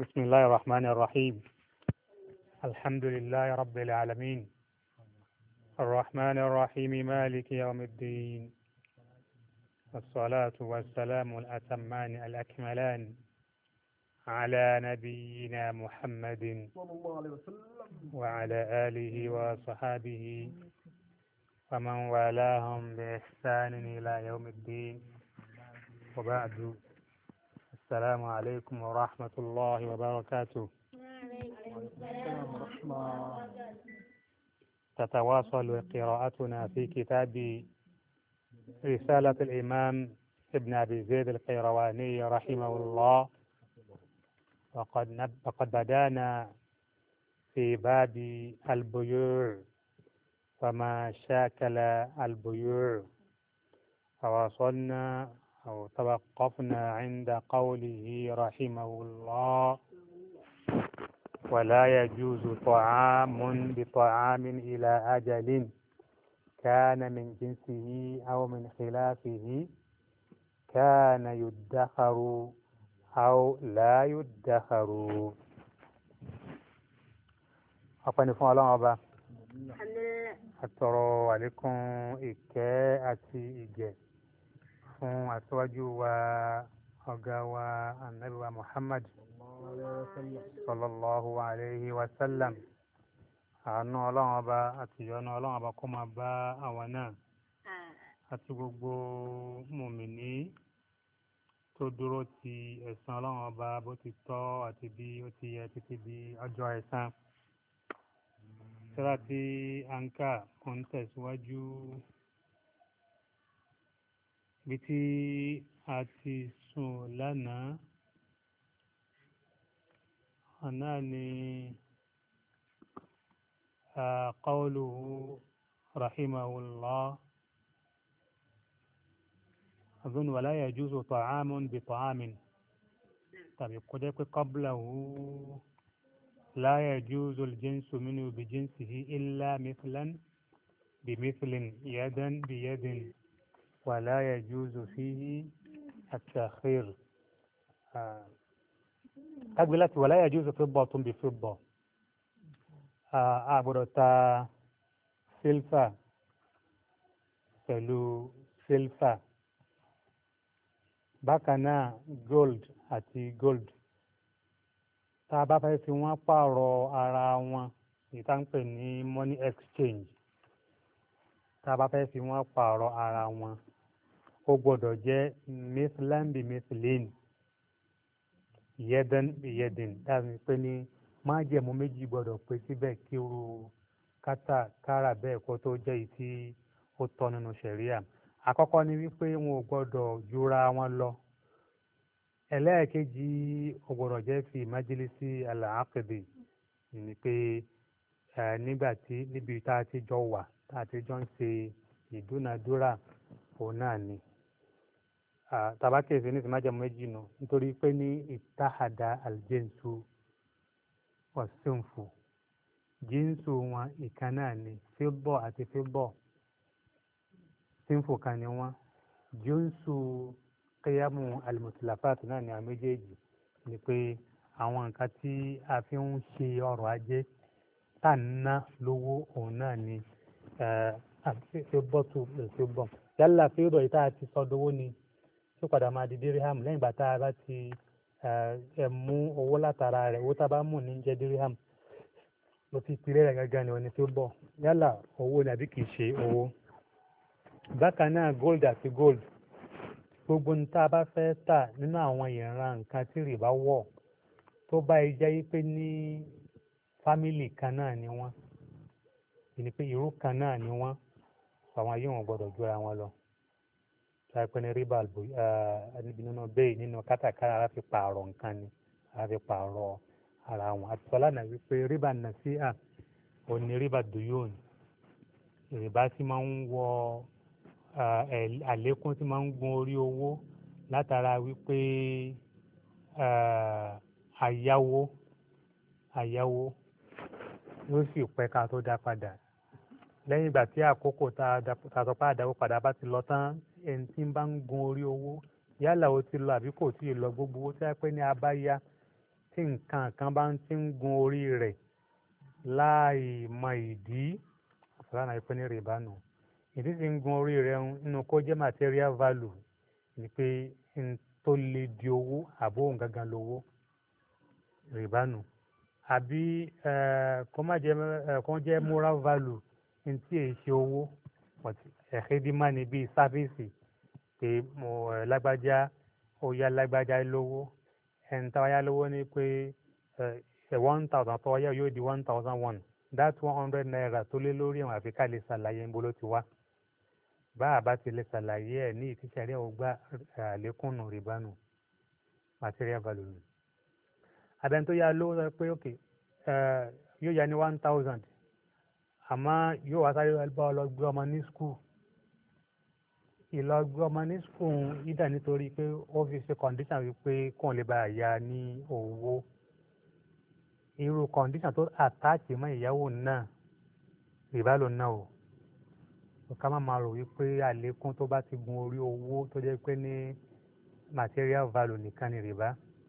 بسم الله الرحمن الرحيم الحمد لله رب العالمين الرحمن الرحيم مالك يوم الدين والصلاة والسلام الأتمان الأكملان على نبينا محمد وعلى آله وصحابه ومن والاهم بإحسان إلى يوم الدين وبعد السلام عليكم ورحمة الله وبركاته تتواصل قراءتنا في كتاب رسالة الإمام ابن أبي زيد القيرواني رحمه الله وقد, نب... بدانا في باب البيوع وما شاكل البيوع تواصلنا أو توقفنا عند قوله رحمه الله ولا يجوز طعام بطعام إلى أجل كان من جنسه أو من خلافه كان يدخر أو لا يدخر أفني فعلا أبا أترى عليكم إكاء إجاز fún aṣáájú wa ọ̀gá wa anabi muhammad sallallahu alayhi wa sallam àánú ọlọ́run ọba àti ìyọ́nú ọlọ́run ọba kó máa bá àwọn náà àti gbogbo mùmìnì tó dúró ti ẹ̀sán ọlọ́run ọba bó ti tọ́ àti bí ó ti yẹ títí di ọjọ́ ẹ̀san. sọ́ra tí anka kò ń tẹ̀síwájú ibi tí a ti sùn lánàá àná ni qawluhu rahimahullah azun wala yajuzu ta'amun bi ta'amin tàbí kó jẹ́ pé qablahu la yajuzu al-jinsu minhu bi jinsihi illa mithlan bi mithlin yadan bi yadin. ولا يجوز فيه التأخير أقبلت ولا يجوز فضة بفضة àgbọ̀dọ̀ta sílfà pẹ̀lú sílfà bákan náà gold àti gold tá a bá fẹ́ fi wọ́n pààrọ̀ ara wọn èyí tá ń pè ní money exchange tá a bá fẹ́ fi wọ́n pààrọ̀ ara wọn ó gbọ́dọ̀ jẹ́ mislambi mislin yẹdan yẹdin dáàbí pé ní májẹ̀mú méjì gbọ́dọ̀ pé síbẹ̀ kí irú kátàkárà bẹ́ẹ̀ kó tó jẹ́ èyí tí ó tọ́ nínú sẹ̀ríà àkọ́kọ́ ni wípé wọn ò jura wọn lọ ẹlẹ́ẹ̀kejì ò gbọ́dọ̀ jẹ́ fi májílísì ala ni pé nígbà tí níbi tá a ti jọ wà tá ti jọ ń ṣe ìdúnadúrà òun náà ni tàbá kẹfì ní ìsìnmájàmú méjì nù nítorí pé ní ìtàhàdà àlùjẹ́nsù ọ̀sìnfù jíǹsù wọn ìkan náà ni fíbọ̀ àti fíbọ̀ sínfù kan ni wọn jíǹsù kíyàmù àlùmùtìláfàtì náà ni àwọn méjèèjì ni pé àwọn nǹkan tí a fi ń ṣe ọrọ̀ ajé tá à ń ná lówó òun náà ni eh, fíbọ̀ tó fíbọ̀ yálà fíbọ̀ yìí tá a ti sọ ni tó padà máa di dirham lẹ́yìn ìgbà tá a bá ti ẹ̀ mú owó látara rẹ̀ owó tá a bá mú ní jẹ́ dirham ló ti pilẹ̀ rẹ̀ gangan ni ọ̀nì tó bọ̀ yálà owó ni àbí kì í ṣe owó. bákan náà gold àti gold gbogbo ní tá a bá fẹ́ tà nínú àwọn ìran nǹkan tí rìbá wọ̀ tó bá yẹ jẹ́ pé ní fámìlì kan náà ni wọ́n ìní pé irú kan náà ni wọ́n àwọn ayé wọn gbọ́dọ̀ jura wọn lọ sáyẹ́pẹ́ ní rìbá nínú bẹ́ẹ̀ nínú kátàkárà ara fi pààrọ̀ nǹkan ni ara fi pààrọ̀ ara wọn àti sọlá náà wípé rìbá nàṣíà òní rìbá dùyóòn rìbá tí máa ń wọ àlékún tí máa ń gun orí owó látara wípé àyáwó àyáwó yóò sì pẹ́ ká tó dá padà lẹ́yìn ìgbà tí àkókò tá a sọ pé àdáwó padà bá ti lọ tán ẹni tí ń bá ń gun orí owó yálà ó ti lọ àbí kò tí ì lọ gbogbo owó tí wọ́n pẹ́ ní abáyá tí nǹkan kan bá ti ń gun orí rẹ̀ láì mọ ìdí àfọlànà ìpẹ́ ní rìbá nù ìdí tí ń gun orí rẹ̀ nínú kó jẹ́ material value ni pé n tó le di owó àbó òun gangan lówó rìbá nù àbí kó má jẹ́ moral value n tí èyí ṣe owó ẹ̀xídìmá ni bíi sáfíìsì pé mo lágbájá ó yá lágbájá lówó ẹni tá a yá lówó ni pé one thousand tó yá yóò di one thousand one that one hundred naira tó lé lórí àwọn àfikà lè ṣàlàyé ń bolo ti wá bá a bá ti lè ṣàlàyé ẹ̀ ní ìtísẹ̀rẹ́ ọgbà àlékúnnù rìbánu material value abẹ́ni tó yá lówó sọ pé ok yóò yá ní one thousand àmọ́ yóò wá sáré bá ọ lọ gbé ọmọ ní skul ìlọ gbé ọmọ ní skul ìdá nítorí pé ó fi ṣe kọ̀ǹdíṣàn wípé kóun lè bá ìyá ní owó irú kọ̀ǹdíṣàn tó àtàkì mọ́ ìyàwó náà rìbá ló ná o ká má máa rò wípé àlékún tó bá ti gun orí owó tó jẹ́ pé ní material value nìkan ni rìbá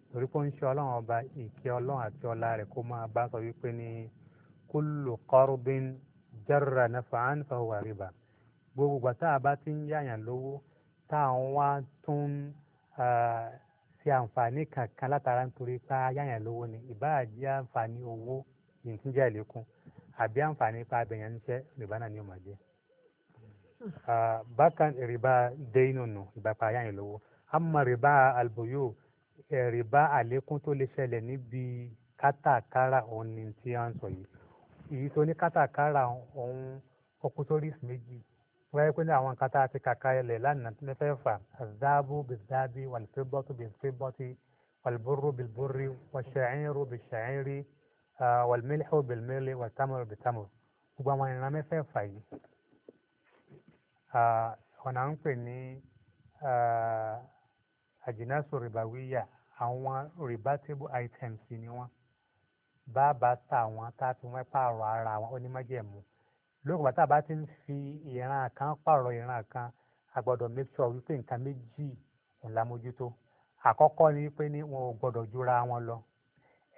torí pé ó ń ṣe ọlọ́run ọba ìkẹ́ ọlọ́run àti ọlá rẹ̀ kó máa bá sọ wípé ní kúlù kọ́rùbín jarra naf'an fahuwa riba gbogbo gbà tá a bá ti ń yáyàn lówó tá à wá tún ṣe àǹfààní kankan látara nítorí pé a yáyàn lówó ni ìbáà jẹ́ àǹfààní owó yìí tún jẹ́ ìlékún àbí àǹfààní pa abẹ̀yàn níṣẹ́ rìbá náà ni ó máa jẹ́. bákan rìbá dénú nù ìbápa yáyàn lówó àmọ́ rìbá àlùbọ̀yò rìbá àlékún tó lè ṣẹlẹ̀ níbi kátàkárà òun tí wọ́n ń sọ yìí èyí tó ní kátàkárà òun ọkùtórìs méjì wáyé pé ní àwọn nǹkan tá a ti kàkà ilẹ̀ lánàá mẹ́fẹ̀ẹ̀fà azáàbù bìzáàbì wàlùfẹ́bọ́tù bìfẹ́bọ́tì wàlùbúrú bìbúrí wàṣẹ̀ẹ́rù bìṣẹ̀ẹ́rì wàlùmílíhù bìlmílì wàtàmùrù bìtàmùrù gbogbo àwọn ìran mẹ́fẹ̀ẹ̀fà yìí ọ̀nà ń pè ní àjìnásù rìbáwíyà àwọn rebatable items ni wọ́n bàbá tà wọ́n tá a fi wọ́n pààrọ̀ ara wọn ó ní májẹ̀mú lóògùn bàtà bá ti ń fi ìran kan pààrọ̀ ìran kan a gbọ́dọ̀ wípé nǹkan méjì ń la mójútó ni wípé ní wọn ò gbọ́dọ̀ jura wọn lọ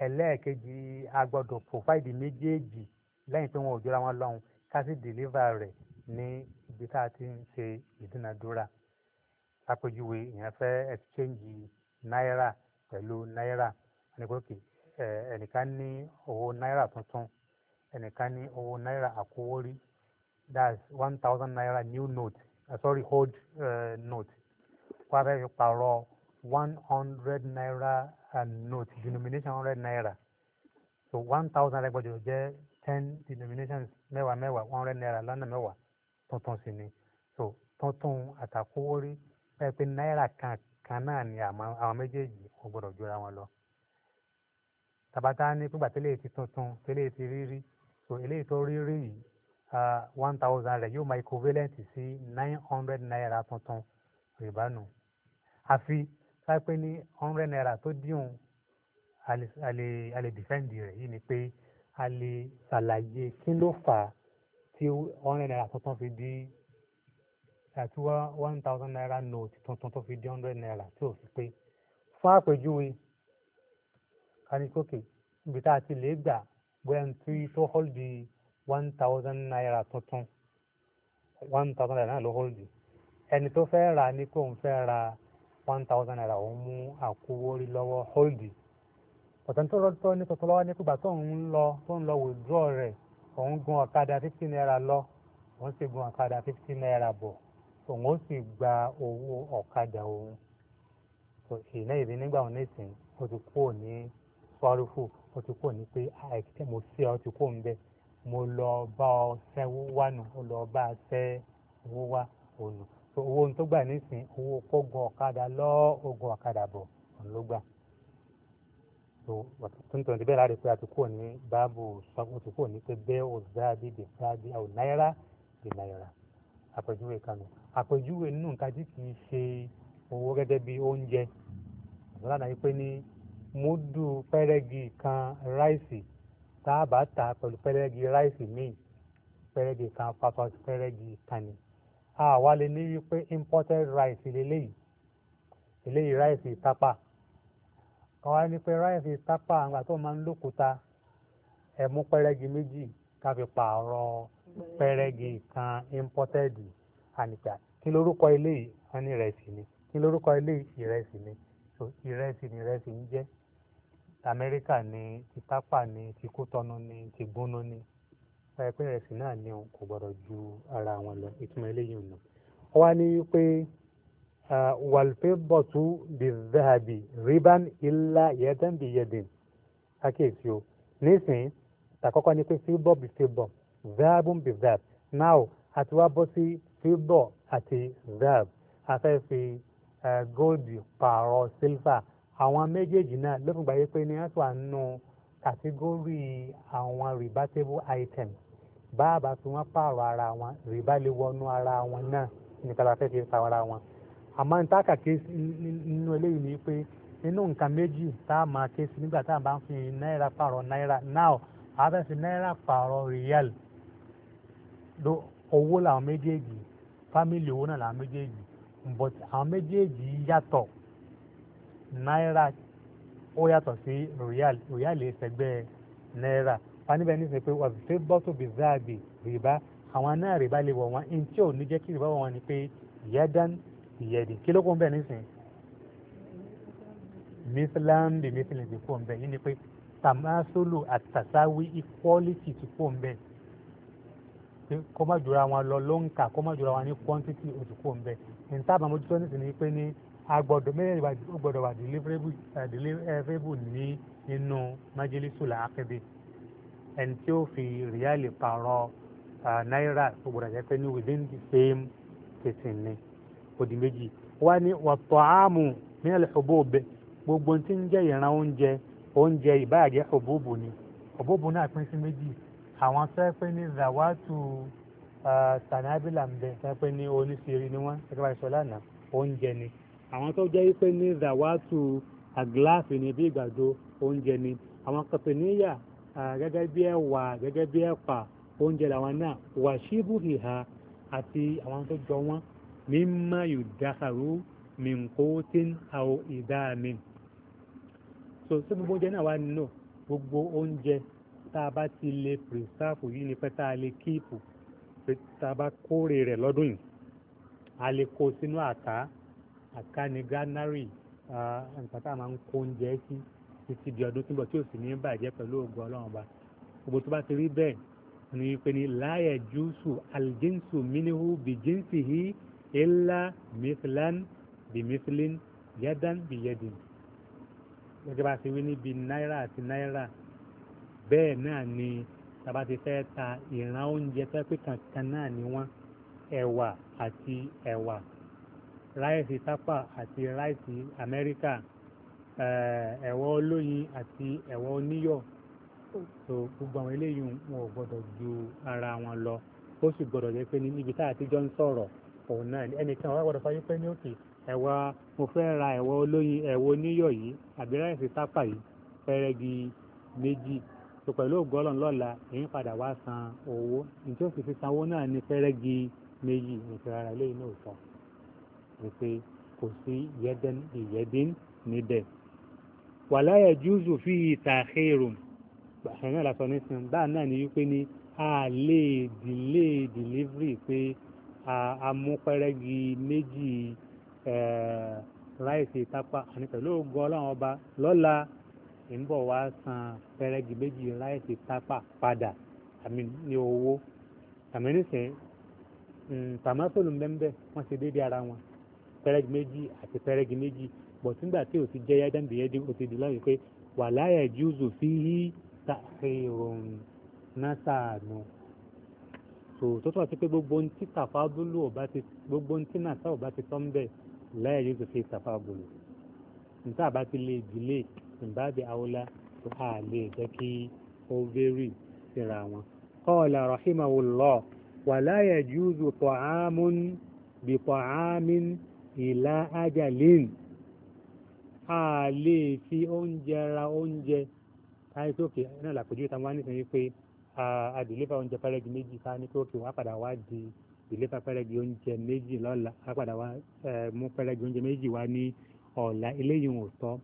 ẹlẹ́ẹ̀kejì a gbọ́dọ̀ provide méjèèjì lẹ́yìn tí wọn ò jura wọn lọ́hùn ká sì deliver rẹ̀ ní ibi tá a ti ń ṣe ìdúnadúrà lápèjúwe ìyẹn fẹ́ exchange náírà pẹ̀lú náírà wọn ni pé okay ẹnìkan ní owó náírà tuntun ẹnìkan ní owó náírà àkówórí that's one thousand naira new note uh, sorry old uh, note wọ́n fẹ́ fi pààrọ̀ one hundred naira um, note denomination hundred naira so one thousand naira gbọ́dọ̀ jẹ́ ten denominations mẹ́wàá mẹ́wàá one hundred naira lọ́nà mẹ́wàá tuntun sí ni so tuntun àtàkówórí pẹ́ẹ́pẹ́ náírà kan kan náà ni àwọn méjèèjì kò gbọ́dọ̀ jura wọn lọ tàbátá ní pípa tẹ́lẹ̀ ti tuntun tẹ́lẹ̀ ti rírí so eléyìí tó rírí yìí one thousand rẹ̀ yóò máa equivalent sí nine hundred naira tuntun rìbá nù àfi sápẹ́ ní hundred naira tó dín a lè defend rẹ̀ yìí ni pé a lè ṣàlàyé kí ló fà á tí hundred naira tuntun fi di àti one thousand naira note tuntun tó fi di hundred naira tí o fi pé fún àpèjúwe kánikókè ibi tá a ti lè gbà bóyá ń tí tó hóldi one thousand naira tuntun one thousand naira náà ló hóldi ẹni tó fẹ́ ra ni kó ń fẹ́ ra one thousand naira òun mú àkówórí lọ́wọ́ hóldi ọ̀tọ̀ tó rọ́tọ́ ní tuntun lọ́wọ́ ní kúgbà tó ń lọ tó ń lọ withdraw rẹ̀ òun gun ọ̀kadà fifty naira lọ òun sì gun ọ̀kadà fifty naira bọ̀ òun ó sì gba owó ọ̀kadà òun ìnáyìí nígbà òun nísìnyí ó ti kúrò ní farufu ó ti kó ní pé àìsí mo sí ọ ti kó ń bẹ mo lọ bá ọ sẹ́wó wá nù mo lọ bá a sẹ́ owó wá ònù so owó tó gbà nísìn owó kógun ọ̀kadà lọ ogun ọ̀kadà bọ̀ òun ló gbà so tuntun ti bẹ́ẹ̀ láti pé a ti kó ní báàbù sọ ó ti kó ní pé bẹ́ẹ̀ ò záàbì dè záàbì àwọn náírà dè náírà àpèjúwe kanu àpèjúwe nínú nǹkan tí kì í ṣe owó gẹ́gẹ́ bí oúnjẹ lọ́nà múdù pẹ́rẹ́gì kan ráìsì tá a bá ta pẹ̀lú pẹ́rẹ́gì ráìsì míì pẹ́rẹ́gì kan pàtó pẹ́rẹ́gì kan ni àwa lè ní wípé imported rice lélẹ́yìí eléyìí ráìsì tápà kan wá ní pé ráìsì tápà àgbà tó máa ń lòkúta ẹ mú pẹ́rẹ́gì méjì ká fi pààrọ̀ pẹ́rẹ́gì kan imported àníkà kí lórúkọ eléyìí wọn ní ìrẹsì ni kí lórúkọ eléyìí ìrẹsì ni ìrẹsì ni ìrẹsì ń jẹ́ t'amẹ́ríkà ni ti pápá ni ti kótọ́nù ni ti gbónú ni báyìí pé ìrẹsì náà ni òun kò gbọdọ̀ ju ara wọn lọ ìtumọ̀ eléyìí ọ̀nà. wọ́n wá ní wípé wàlúfẹ́bọ̀tù bìzáàbì rìbán ilá yẹ́dán bí yẹ́dìn kákèsí o nísìnyí tàkọ́kọ́ ni pé fíbọ̀ bí fíbọ̀ záàbù bí záàb náà àti wá bọ́ sí fíbọ̀ àti záàb afẹ́ fi pààrọ̀ sílfà àwọn méjèèjì náà ló fún gbàgbé pé ní wọ́n wà nù kàtígórì àwọn rebatable items báàbà tí wọ́n pààrọ̀ ara wọn rìbá lè wọnú ara wọn náà ní kàlà fẹ́ fi pààrọ̀ ara wọn àmọ́ ní táàkà ké nínú eléyìí ni pé nínú nǹkan méjì tá a máa ké sí nígbà tá a bá ń fi náírà pààrọ̀ náírà now a fẹ́ fi náírà pààrọ̀ rìẹ́l owó làwọn méjèèjì fámìlì owó náà làwọn méjèèjì but àwọn méjèèjì yàtọ̀ náírà ó yàtọ̀ sí royal royal ẹsẹ̀gbẹ́ náírà fanibẹ́ ní sẹ́ pé wà fi bọ́tò bí záàbì rìbá àwọn náà rìbá lè wọ̀ wọ́n in tí ò ní jẹ́ kí rìbá wọ̀ wọ́n ni pé yẹ́dán ìyẹ́dì kí ló kún bẹ́ẹ̀ nísìn mithlan bí mithlan ti kún bẹ́ẹ̀ yìí ni pé tamasulu àtàsáwí equality ti kún bẹ́ẹ̀ kó wọn lọ ló ń kà kó wọn ní quantity ó ti kún bẹ́ẹ̀ nta àbámójútó nísìn ni pé ní agbọ́dọ̀ mẹ́rin gbọ́dọ̀ wà deliverable eh, ní nínú májèlésùlà akéde ẹni tí ó fi ríálì pààrọ̀ eh, náírà gbọ́dọ̀ jẹ́ pé ní within the same kìtìn ni òdì méjì wá ní wàtò àmù ní ẹlẹ́fọ̀bọ̀ọ̀bẹ gbogbo tí ń jẹ́ ìran oúnjẹ oúnjẹ ìbáàjẹ́ ọ̀bọ̀ọ̀bù ni ọ̀bọ̀ọ̀bù náà pín sí méjì àwọn fẹ́ pé ní zawatu eh, sanabila ń bẹ fẹ́ pé ní oníṣirí ni wọ́n gẹ́gẹ́ bá ṣe sọ lánàá oúnjẹ ni àwọn tó jẹ́ wípé ní zawatu agláàfì ni bí ìgbàdo oúnjẹ ni àwọn kàpẹ́níyà gẹ́gẹ́ bí ẹ̀wà gẹ́gẹ́ bí ẹ̀pà oúnjẹ làwọn náà wà síbù ìhà àti àwọn tó jọ wọ́n mímọ́ yùdáhàrú mìǹkótín àwọ̀ ìdáàmì. so sí gbogbo oúnjẹ náà wà nínú gbogbo oúnjẹ tá a bá ti lè pèsáàfù yìí ni pé tá a lè kíìpù tá a bá kórè rẹ̀ lọ́dún yìí a lè kó sínú àká àkànní granary nǹkan tá a máa ń kó oúnjẹ sí títí di ọdún túbọ̀ tí ò sì ní bàjẹ́ pẹ̀lú ògùn ọlọ́run ọba gbogbo tó bá ti rí bẹ́ẹ̀ ni pé ní láyẹ̀ júùsù aljinsu minihu bijinsihi illa mithlan bimithlin yadan biyadin gẹ́gẹ́ bá ti wí níbi náírà àti náírà bẹ́ẹ̀ náà ni tàbá ti fẹ́ ta ìran oúnjẹ tó pé kankan náà ni wọ́n ẹ̀wà àti ẹ̀wà ráìsì tápà àti ráìsì amẹ́ríkà eh, ẹ̀wọ́ olóyin àti ẹ̀wọ́ oníyọ̀ so gbogbo àwọn eléyìí wọn ò gbọdọ̀ ju ara wọn lọ ó sì gbọdọ̀ jẹ́ pé níbi tá àtijọ́ ń sọ̀rọ̀ òun náà ẹnìkan wọ́n gbọdọ̀ fọyín pé ní òkè ẹ̀wọ́ mo fẹ́ ra ẹ̀wọ́ olóyin ẹ̀wọ́ oníyọ̀ yìí àbí ráìsì tápà yìí fẹ́rẹ́gì méjì so pẹ̀lú ògbọ́lọ̀ lọ́la èyí padà wá san owó nítorí òsì fi sanwó náà ní fẹ́rẹ́gì méjì ìfẹ́ ara eléyìí náà sọ wípé kò sí yẹ́dẹ́n ìyẹ́dín níbẹ̀. wala yajuzu fi ta'khirun gbàṣán náà lásán nísìnyí báà náà ni wípé ni a lè dìlé dìlívírì pé amúpẹ́rẹ́gi méjì ráìsì tápá àní pẹ̀lú ògùn ọlọ́run ọba lọ́la ìbọ̀ wá san pẹ́rẹ́gi méjì ráìsì tápá padà àmì ní owó àmì nísìnyí tàmásòlù mbẹ́mbẹ́ wọ́n ti dédé ara wọn pẹ́rẹ́gì méjì àti pẹ́rẹ́gì méjì bọ̀ sígbà tí o ti jẹ́ yẹ́dá ǹdí yẹ́dí o ti di lọ́yìn pé wà láyà júùsù fi hí tàkìrùn násàánù tó tó tó àti pé gbogbo ohun tí tàfábùlù ọba ti gbogbo ohun tí nàṣà ọba ti tọ́ ń láyà júùsù fi tàfábùlù níta àbá ti lè dìlé ìbáàbí àwòlá tó a lè jẹ́ kí ó vérì síra wọn. kọ́ọ̀lá rahimahullah wà láyà júùsù tọ̀hámún bí tọ̀hámín ìlà ajalin a lè fi oúnjẹ ra oúnjẹ káyọ̀ tó kè náà làpèjú ìta wá nítorí pé a dìlífà oúnjẹ pẹ́rẹ́gì méjì ká ní tó kè wọ́n á padà wá di dìlífà pẹ́rẹ́gì oúnjẹ méjì lọ́la á padà wá mú pẹ́rẹ́gì oúnjẹ méjì wá ní ọ̀la eléyìí ò tọ́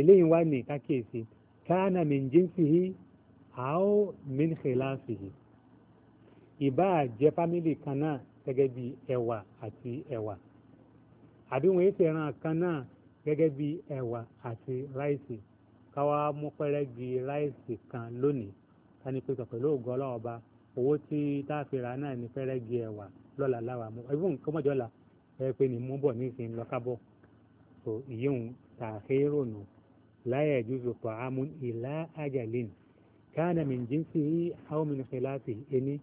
eléyìí wá ní kákèsí káànà min jinsihi aw min khilafihi ìbá jẹ́ fámìlì kan náà gẹ́gẹ́ bí ẹ̀wà àti ẹ̀wà àbí wọn èsì ẹran kan náà gẹ́gẹ́ bí ẹ̀wà àti ráìsì káwa mú pẹ́rẹ́gì ráìsì kan lónìí ká ní pẹ̀sọ̀ pẹ̀lú ògùn ọlọ́ọ̀ba owó tí tá a fi rà náà ní pẹ́rẹ́gì ẹ̀wà lọ́la láwa mú ẹ̀bùn kọ́mọ́jọ́la ẹ̀ pé ní mú bọ̀ nísìnyí lọ́kábọ̀ so ìyóhun tààkérò nù láyé ìjúzù pàámú ìlà ajalin káàna min jínsì aw min khilafi ẹni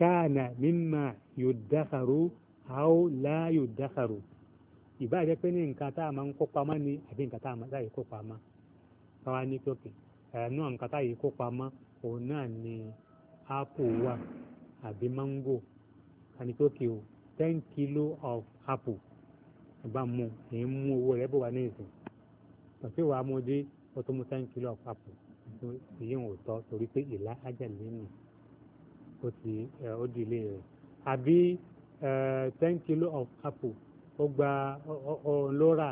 káàna mimma yudakharu aw la yudakharu ìbá jẹ́ pé ní nǹkan tá a máa ń kó pamọ́ ni àbí nǹkan tá a máa yìí kó pamọ́ káwá ní tókè ẹ̀ẹ́nú nǹkan tá yìí kó pamọ́ òun náà ni apple wà àbí mango àní tókè o ten kilo of apple ẹ̀bá mu èyí mú owó rẹ̀ bó wà ní ìsìn tọ́sí wàá mú dé ó tó mú ten kilo of apple èyí ò tọ́ torí pé ìlà ajáde nù ó ti ó di ilé rẹ̀ àbí ten kilo of apple ó gba ọ̀rùn lóra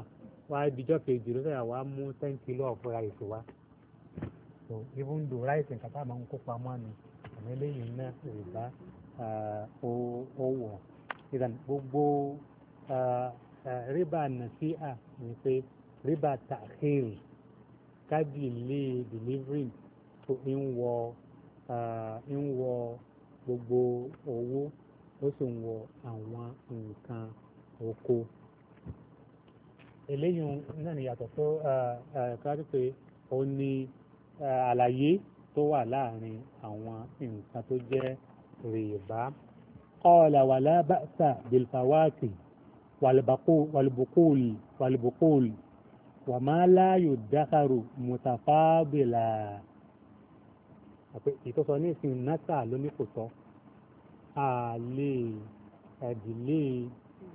wá ibìjọ́ kejì ló fẹ́ẹ́ wá mú ten kilo ọ̀pọ̀ àìsàn wá so even though rice nǹkan tá a máa ń kó pamọ́ ni àmì eléyìí náà rìbá ó wọ̀ ìdá gbogbo rìbá nàṣíà ni pé rìbá tàkìrì káàdì lè delivery tó ń wọ ń wọ gbogbo owó ó sì ń wọ àwọn nǹkan oko eléyìí náà níyàtọ̀ tó kájú pé ó ní àlàyé tó wà láàrin àwọn nǹkan tó jẹ́ rìbá qala wala ba'sa bilfawati walbukul walbukul wa ma la yudakharu ìtọ́sọ ní ìsìn náà ló àlè ẹ̀dìlé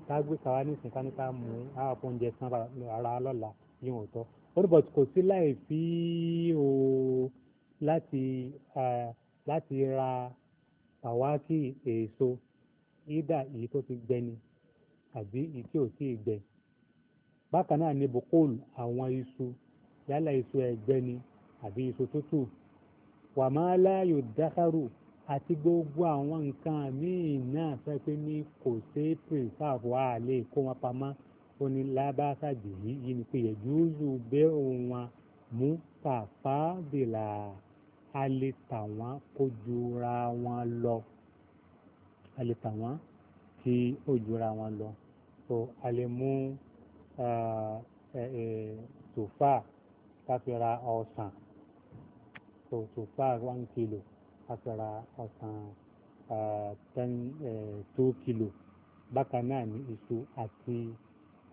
tágbé kàwá ní ìsìn káníká mú àwọn àpò oúnjẹ san ara lọ́la yìí wọ́n tọ́ orúbọ̀t kò sí láì fi o láti láti ra pàwákì èso ídà èyí tó ti gbẹni àbí èyí tí ò tí ì gbẹ bákan náà ni bokol àwọn iṣu yálà iṣu ẹgbẹ àbí iṣu tútù wàmálà yóò dákàrú àti gbogbo àwọn nǹkan míì náà fẹ́ pé ní kò ṣe é preserve wá lè kó wọn pamọ́ ó ní lábáṣà jìyí yìí ni pé yẹ̀júùzù bẹ́ òun wọn mú tàfà bìlà a lè tà wọ́n kó jura wọn lọ a lè tà wọ́n tí ó jura wọn lọ so a lè mú tòfà káfíra ọ̀sán so tòfà one kilo a sì ten two kilo bákan náà ni iṣu àti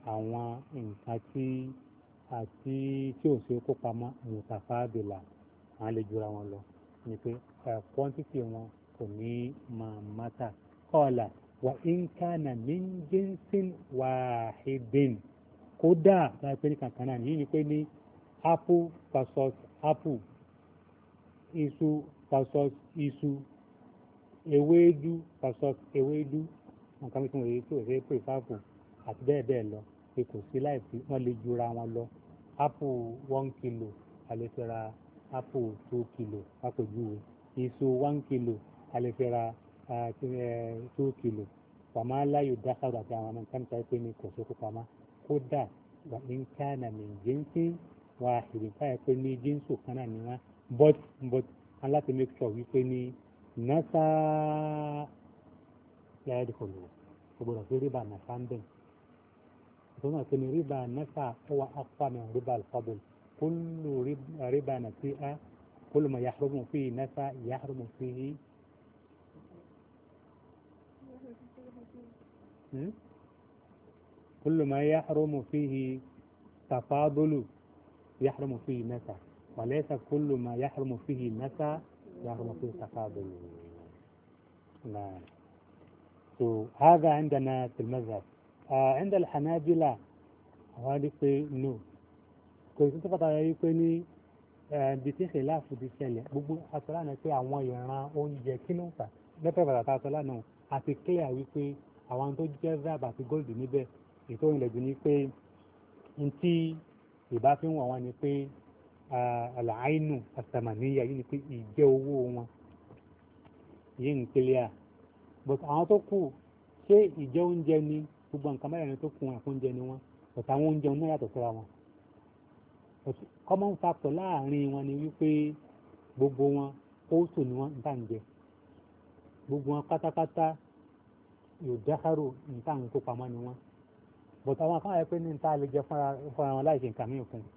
àwọn nǹkan tí àti tí ò ṣe kó pamọ́ mùtàfáàbìlà àwọn lè jura wọn lọ ni pé quantity wọn kò ní máa mátà kọ́ọ̀là wà ínkànnà min jinsin wàhídìn kódà láì pé ní kankan náà yìí ni pé ní apple versus apple iṣu versus iṣu ewédú versus ewédú nǹkan bí wọ́n ti wọ́n ṣe pèfáàpù àti bẹ́ẹ̀ bẹ́ẹ̀ lọ pé kò sí láìsí wọ́n lè jura wọn lọ apple one kilo àlefẹ́ra apple two kilo àpèjúwe isu one kilo àlefẹ́ra eh, two kilo wàmá láyò dákàrò àti àwọn ọmọ nǹkan tó pé ní kò sókò pamọ́ kódà wà ní kánà ní jíǹsì wà ìrìnkà pé ní jíǹsì kan náà ni wọ́n bọ́t bọ́t kan láti make sure wípé ní nasa láyé kọlù ọgbọdọ sí rìbá nasa ń bẹ ìtọ́ náà pé ní rìbá nasa ẹwà akpami rìbá alfabel kúlù rìbá nasi a kúlù mà yàhùrùmù fi nasa yàhùrùmù fi. كل ما يحرم فيه تفاضل يحرم فيه نسب وليس كل ما يحرم فيه النساء يحرم فيه التقابل نعم so, هذا عندنا في المذهب آه عند الحنابلة هذه نو kò sí tó fàtàrà yìí pé ní ibi tí ìṣèláàfù ti ṣẹlẹ̀ gbogbo asọ́lá náà pé àwọn ìran oúnjẹ kí ló ń fà lẹ́pẹ̀ bàtà asọ́lá náà àti clear wípé àwọn tó jẹ́ zab àti gold níbẹ̀ ètò ìrìnlẹ̀jù ni pé ntí ìbáfihàn wọn ni pé àlàáínù àtàmàníyà yìí ni pé ìjẹ́ owó wọn yìí ń pélé à but àwọn tó kù ṣé ìjẹ́ oúnjẹ ni gbogbo nǹkan mẹ́rin tó kù àpò oúnjẹ ni wọ́n but àwọn oúnjẹ wọn yàtọ̀ síra wọn but common factor láàrin wọn ni wípé gbogbo wọn kóòtù ni wọ́n ń tà ń jẹ gbogbo wọn pátápátá ìdáhàrò nǹkan kópa mọ́ ni wọ́n but àwọn kan wáyé pé ní nǹkan àlejò fúnra wọn láì ṣe nǹkan mìíràn fún un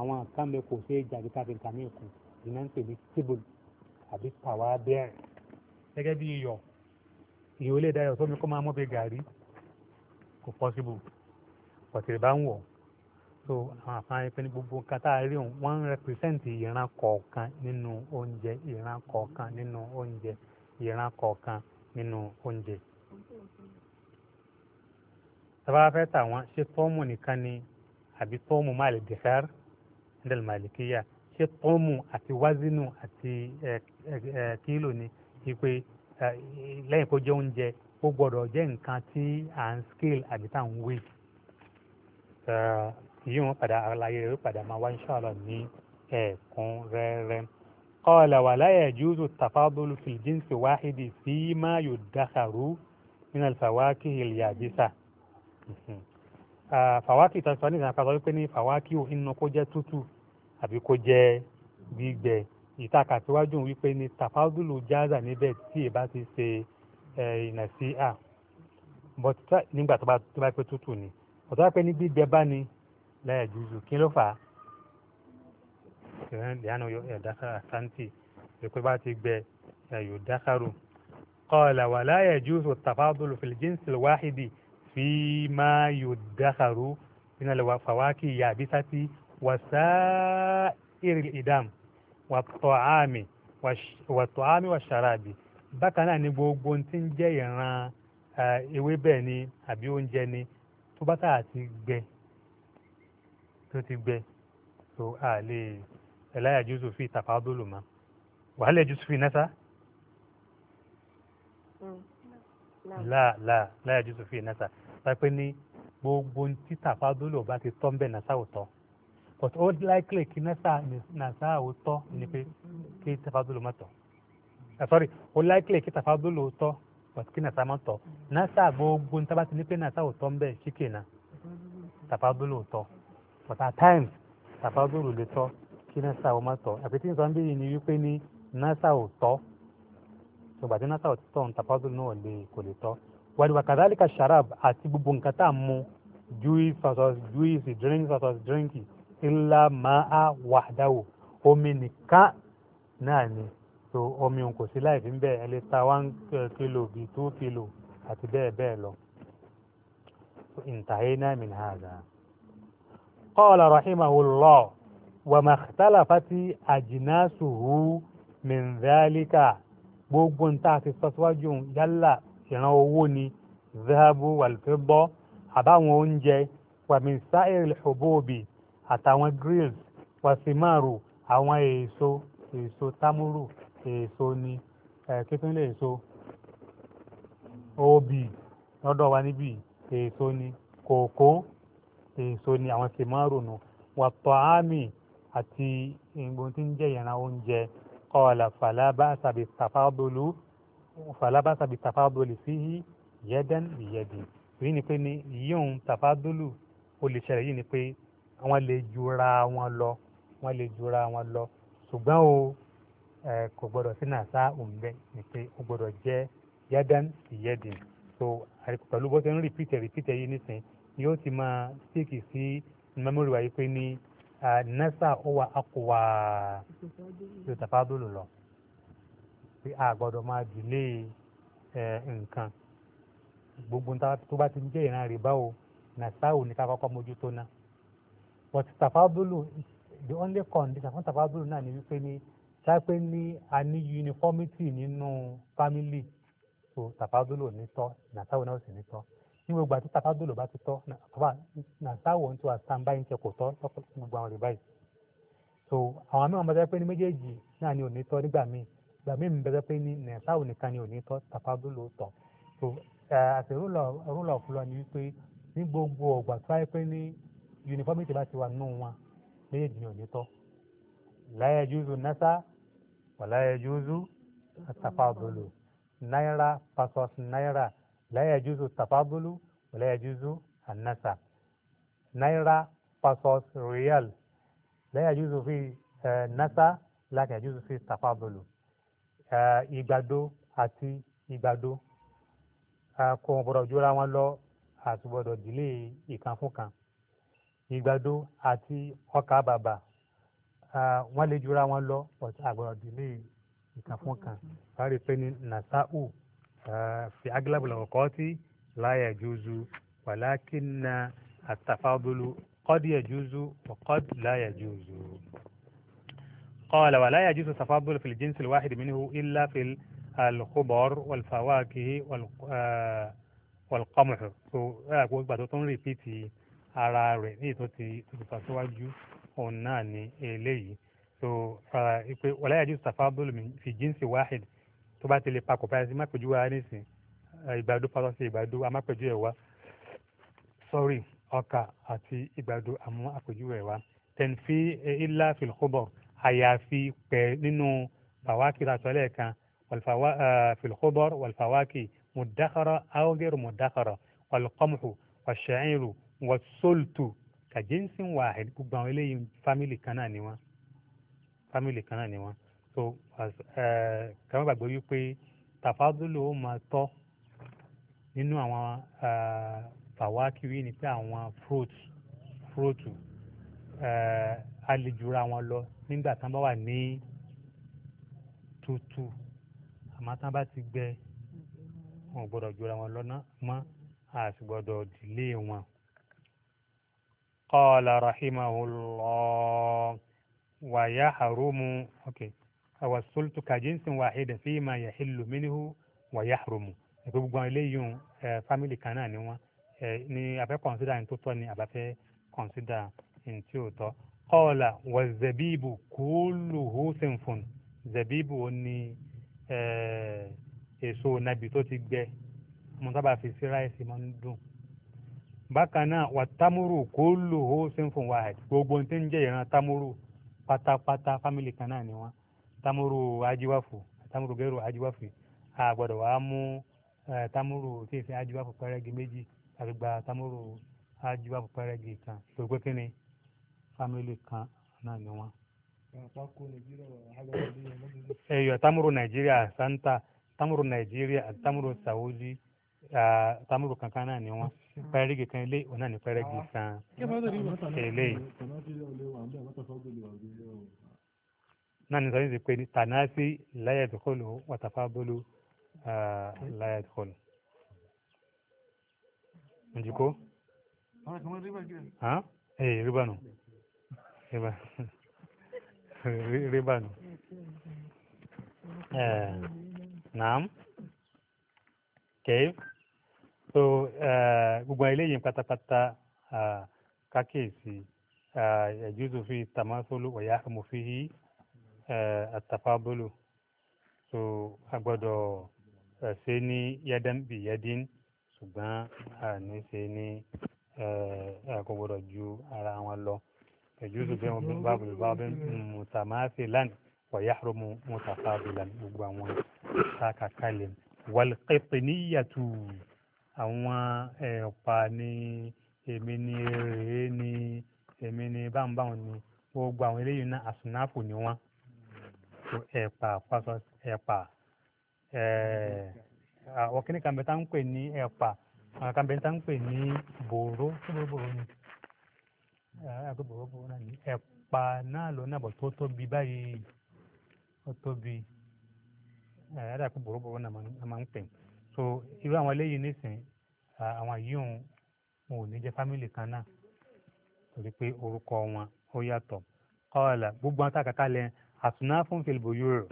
àwọn nǹkan bẹ kò ṣe é jáde káfí nǹkan ní ìkù ìná ń pè ní table àbí tàwa bẹ́ẹ̀rẹ̀ gẹ́gẹ́ bí iyọ̀ ìyẹn ò lè dá sómi kó máa mọ́ bí gàrí kò pọ́síbù pọ̀tìrì bá ń wọ̀ so àwọn àfáàní pé ní gbogbo nǹkan tá a rí òun wọ́n ń rẹpírẹ́sẹ̀ǹtì ìran kọ̀ọ̀kan nínú oúnjẹ ìran kọ̀ọ̀kan nínú oúnjẹ ìran kọ̀ọ̀kan nínú oúnjẹ. sábà fẹ́ tà tọ́ọ̀mù nìkan ni àbí tọ́ọ̀mù máa lè dẹ̀kẹ́rẹ́ ndẹ́l màlìkíyà ṣé pọ́ọ̀mù àti wázínù àti kílò ni ipe lẹ́yìn kó jẹ́ oúnjẹ ó gbọ́dọ̀ jẹ́ nǹkan tí à ń scale àbí tá à ń wé yìí wọn padà àlàyé rẹ̀ padà máa wá inṣàlá ní ẹ̀ẹ̀kan rẹ́rẹ́. qala wala yajuzu tafadulu fil jinsi wahidi fima yudakharu min al-fawakihi al-yabisa fàwákì tó sọ ní ìsàkàtọ̀ wípé ní fàwákì ò àbí kó jẹ́ gbígbẹ ìtakà síwájú wípé ní tàfádùlù jáza níbẹ̀ tí èèbá ti ṣe ìnà sí à but nígbà tó bá pẹ́ tútù ni ọ̀tọ́ bá pẹ́ ní gbígbẹ bá ní láyà jùzù kí ló fà á ìyánu ẹ̀dására sáǹtì ìpè bá ti gbẹ ẹ̀yọ̀ dásáru kọ́ọ̀lá wà láyà jùzù tàfádùlù fìlìjínsì wáhìdì fi máa yọ̀ dásáru nínú àlẹ́ fàwákì ìyá àbí sátì. وسائر الإدام والطعام والطعام والشراب bákan náà ni gbogbo ohun tí ń jẹ́ ìran ewébẹ̀ ni àbí oúnjẹ ni tó bá tà àti gbẹ tó ti gbẹ tó a lè ẹ̀láyà jùsùfì tàfádùlù mọ́ wàhálẹ̀ jùsùfì nẹ́sà mm. láà láà láyà jùsùfì nẹ́sà pàápẹ́ ní gbogbo ohun tí tàfádùlù bá ti tọ́ ń bẹ̀ nẹ́sà ò but ó láìkìlẹ̀ kí nàṣà òótọ́ ni pé kí tafadúlò má tọ̀ ah, sorry ó láìkìlẹ̀ kí tafadúlò tọ́ but kí nàṣà má tọ̀ nàṣà gbogbo níta bá ti ní pé nàṣà òótọ́ ń bẹ̀ ṣíkè náà tafadúlò tọ́ but at times tafadúlò lè tọ́ kí nàṣà ó má tọ̀ àpètí nǹkan bí ni wípé ní nàṣà òótọ́ ṣùgbọ́n àti nàṣà òótọ́ ń tafadúlò náà lè kò lè tọ́ wàdìwà kàdálíkà sharab àti gbogbo nǹkan tá a mú juice versus juice drink versus drinki ilá máa wàdáwò omi nìkan náà ni so omi òun kò sí láì fi ń bẹ́ẹ̀ ẹ lè ta one eh, kilo bíi two kilo àti bẹ́ẹ̀ bẹ́ẹ̀ lọ انتهينا من هذا قال رحمه الله وما اختلفت أجناسه من ذلك gbogbo ń tá a ti sọ síwájú yálà ìran owó ni zahabu wàlfẹ́bọ́ àbáwọn oúnjẹ wàmísáìrì ṣòbóòbí àtàwọn greens wàsímàrò àwọn èso èso támúrù èso ni kíkúnlẹ̀ èso obì lọ́dọ̀ wa níbí èso ni kòkó èso ni àwọn sèmárò nù wàtò àmì àti ìgbóhùn tí ń jẹ́ ìran oúnjẹ kọ́ọ̀là fàlábàṣàbí tàfábólú fàlábàṣàbí tàfábólú sí yẹ́dẹ́n ìyẹ́dì èyí ni pé ni yíyún tàfádólù ó lè yìí ni pé wọ́n lè jura wọn lọ wọ́n lè jura wọn lọ ṣùgbọ́n o kò gbọdọ̀ sí nàṣà òǹbẹ nìpe o gbọdọ̀ jẹ́ yadan ìyẹ́dìn so pẹ̀lú bó ṣe ń rìpítẹ̀ rìpítẹ̀ yìí nísìn yóò ti máa stíìkì sí mẹ́mórì wáyé pé ní nasa ó wà akọwà tòtàfàdúlù lọ pé a gbọdọ̀ máa dìlé nǹkan gbogbo tó bá ti ń jẹ́ ìran rìbá o nasa ò ní ká kọ́kọ́ mójútó náà but tafadulu the only condition fún tafadulu náà ni wípé ni, sápé ní a ní uniformity nínú family so tafadulu ní tọ́ nàtàwọn náà sì ní tọ́ ní gbogbo àti tafadulu bá ti tọ́ nàtàwọn tí wà sàǹbá yín tẹ kò tọ́ lọ́pọ̀lọpọ̀ gbogbo àwọn rẹ̀ so àwọn mẹ́wàá bá jẹ́ pé ní méjèèjì náà ni ò ní tọ́ nígbà míì gbà mí mi bẹ́ẹ̀ pé ní nàìjíríà nìkan ni ò ní tọ́ tàfádó ló tọ̀ so àti rúlọ̀ rúlọ̀ fúlọ̀ ni wípé ní gbogbo ọ̀gbà tó uniformity bá ti wà nù wọn méjèèjì ni ò láyé júùsù nasa wàláyé júùsù tafabulu náírà versus náírà láyé júùsù tafabulu wàláyé júùsù anasa náírà versus real láyé júùsù fi eh, nasa láyé júùsù fi tafabulu eh, ìgbàdo àti ìgbàdo kò gbọdọ̀ jura wọn lọ àti gbọdọ̀ dìlé ìkan ìgbàdo àti ọkà bàbà wọ́n lè jura wọn lọ but àgbọ̀rọ̀ dìlé ìkan fún kan wọ́n rí i pé ní nasau fi agilabula ọkọ tí láyà júzù wàlákìnnà àtàfàbọlù kọ́dí ẹ̀júzù ọ̀kọ́dí láyà júzù. قال ولا يجوز التفاضل في الجنس الواحد منه إلا في الخبر والفواكه والقمح. So, uh, ara rẹ̀ ní ètò ti tuntun òun náà ni eléyìí so pé wọlé àjú sàfábùlù fi jíǹsì wáhid tó bá ti lè papọ̀ báyìí sí mápẹ̀jú wa nísìn ìgbàdo pátọ́ sí ìgbàdo amápẹ̀jú ẹ̀ wá sorry ọkà àti ìgbàdo àmú àpèjú ẹ̀ wá tẹ̀nfí e, ilá fìlkúbọ̀ àyàfi pẹ̀ nínú fàwákì ràtọ́lẹ̀ kan fìlkúbọ̀ wàlfàwákì mùdákàrọ̀ àwògẹ̀rù mùdákàrọ̀ wàlkọ́mùhù wàṣẹ́yìnrù wọ́sọ́lùtò kàjẹ́nsì wà gbogbo àwọn eléyìí fámìlì kan náà ni wọ́n fámìlì kan náà ni wọ́n so kàwọn gbàgbé wípé tàfádùlù ó máa tọ́ nínú àwọn fàwákìwì ni pé àwọn fruit fruit alejura wọn lọ nígbà tán bá wà ní tútù àmọ́ tán bá ti gbẹ wọn ò gbọ́dọ̀ jura wọn lọ́nà mọ́ àti gbọ́dọ̀ dìlé wọn. قال رحمه الله ويحرم أوكي أو السلط كجنس واحد فيما يحل منه ويحرم ẹgbẹ́ gbogbo àwọn eléyìí ń fámìlì kan náà ni wọ́n ni àfẹ́ kọ̀nsídà ní tó tọ́ ni àbáfẹ́ kọ̀nsídà ní tí ò tọ́. kọ́ọ̀là wọ zẹ̀bíìbù kúlù húsìnfùn zẹ̀bíìbù ó ní èso nàbì tó ti gbẹ mo sábà fi sí ráìsì máa ń dùn bákan náà wà támúrù kó lò ó sínfún wahid gbogbo tí ń jẹ́ ìran támúrù pátápátá fámìlì kan náà ni wọ́n támúrù ajiwafu támúrù gẹ́rù ajiwafu a gbọ́dọ̀ wá mú támúrù tí ì ajiwafu pẹ́rẹ́gì méjì àti gba támúrù ajiwafu pẹ́rẹ́gì kan tó gbé kínní fámìlì kan náà ni wọ́n ẹyọ tamuru nàìjíríà santa tamuru nàìjíríà tamuru saudi tamuru kankan náà ni wọn pẹrẹgì kan ilé òun náà ni pẹrẹgì kan ilé náà ni sọ́yìn ti pé tànásì láyà ìdókòlù wàtàfàbólú láyà ìdókòlù. Njiko? Ha? Eh, riba no. Riba. riba no. Eh, naam. Cave so eh, gbogbo eléyìí pátápátá kákèsí ẹ̀júzù fi tàmásólù ọ̀yá àmọ̀fihì àtàfábólù so agbọ́dọ̀ ṣe ní yẹ́dẹ́n bí yẹ́dín ṣùgbọ́n àní ṣe ní kò gbọ́dọ̀ ju ara wọn lọ ẹ̀júzù bí wọn bá bọ̀ bá bẹ mùtàmásì lánì ọ̀yá àrùmù mùtàfábólù gbogbo àwọn kákàkálẹ̀ wàlùkẹ́pẹ̀ níyàtú. àwọn ẹ̀pà ni èmi ni erèé ni èmi ni ni gbogbo àwọn eléyìí náà àsùnáfù ni ẹ̀pà pásọ ẹ̀pà àwọn kan bẹ tá ń pè ní ẹ̀pà àwọn kan bẹ tá ń pè ní bòró tó bòró bòró ẹ̀pà náà ló tó tóbi báyìí so irú àwọn eléyìí nísìn àwọn yìí ń wọn ò ní jẹ́ fámìlì kan náà torí pé orúkọ wọn ó yàtọ̀ kọ́ọ̀là gbogbo àwọn táàkà kalẹ̀ àtúnáfún fèlbòyòrò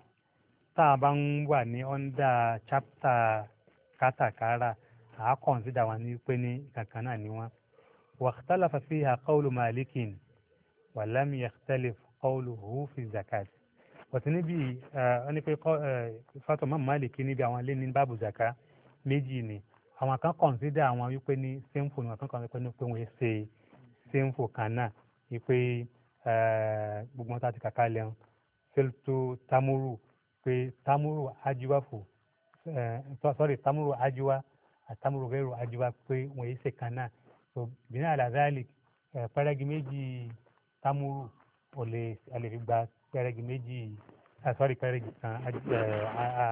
tá a bá ń wà ní ọ́ndà chápítà kátàkárà àá kọ̀ǹsídà wọn ní pé ní kankan náà ni wọn. wàhtálà fàfi àkọ́ọ̀lù màálíkìn wàlámì yàtẹ́lẹ̀ kọ́ọ̀lù húfì zakat wọ́n ti níbi wọ́n ní pé fátọ̀ mọ́ màálíkì níbi àwọn ilé ní báàbù zakat méjì ni àwọn kan kọ̀nsídà àwọn wípé ní sẹ́ńfù ni wọ́n kan kọ̀nsídà pé wọ́n ṣe sẹ́ńfù kan náà wípé eh, gbogbo wọn ti kàkà lẹ́hìn fẹ́lẹ́tò tamuru pé tamuru ajiwa fò eh, sọ́rí tamuru ajiwa tamuru gẹ́rù ajiwa pé wọ́n ṣe kan náà so bina àlàzálì eh, pẹ́rẹ́gì méjì tamuru ò lè lè fi gba pẹ́rẹ́gì méjì sọ́rí pẹ́rẹ́gì kan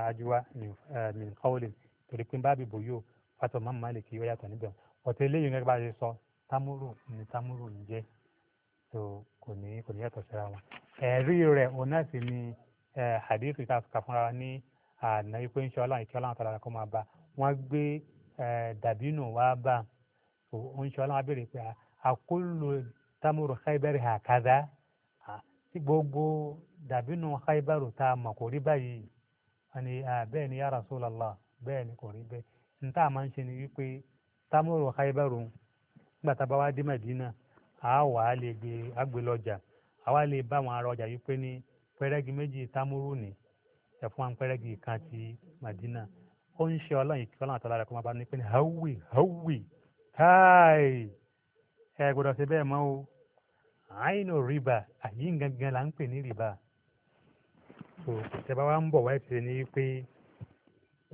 ajiwa min qawlin torí pé báàbí bòyó fatọ mọ malik yóò yàtọ̀ níbẹ̀ ọ̀tẹ̀ eléyìí gẹ́gẹ́ bá ṣe sọ támúrù ní támúrù ń jẹ́ tó kò ní kò ní yàtọ̀ síra wọn. ẹ̀rí rẹ̀ òun náà sì ni hadith tá a kà fúnra wa ní àná ipò ń ṣe ọlọ́run ìkẹ́ ọlọ́run tọ́lá kó máa bá wọ́n gbé dàbínú wá bá ń ṣe ọlọ́run abẹ́rẹ́ pé àkólò támúrù khaybar hàkádá tí gbogbo dàbínú khaybar tá a mọ̀ kò rí báyìí wọ́n ni bẹ́ẹ̀ ni ya Rasulullah bẹ́ẹ̀ ni kò rí bẹ́ẹ̀ ní tá a máa ń ṣe ni wípé támúrò nígbà tá a bá wá dé a wà á lè gbé lọ́jà a wá lè bá ọjà wípé ní pẹ́rẹ́gì méjì támúrò ní ẹ̀ àwọn pẹ́rẹ́gì kan ti ṣe ọlọ́run ọlọ́run rẹ̀ kó máa bá ní pé o àyíǹgangan là ń pè ní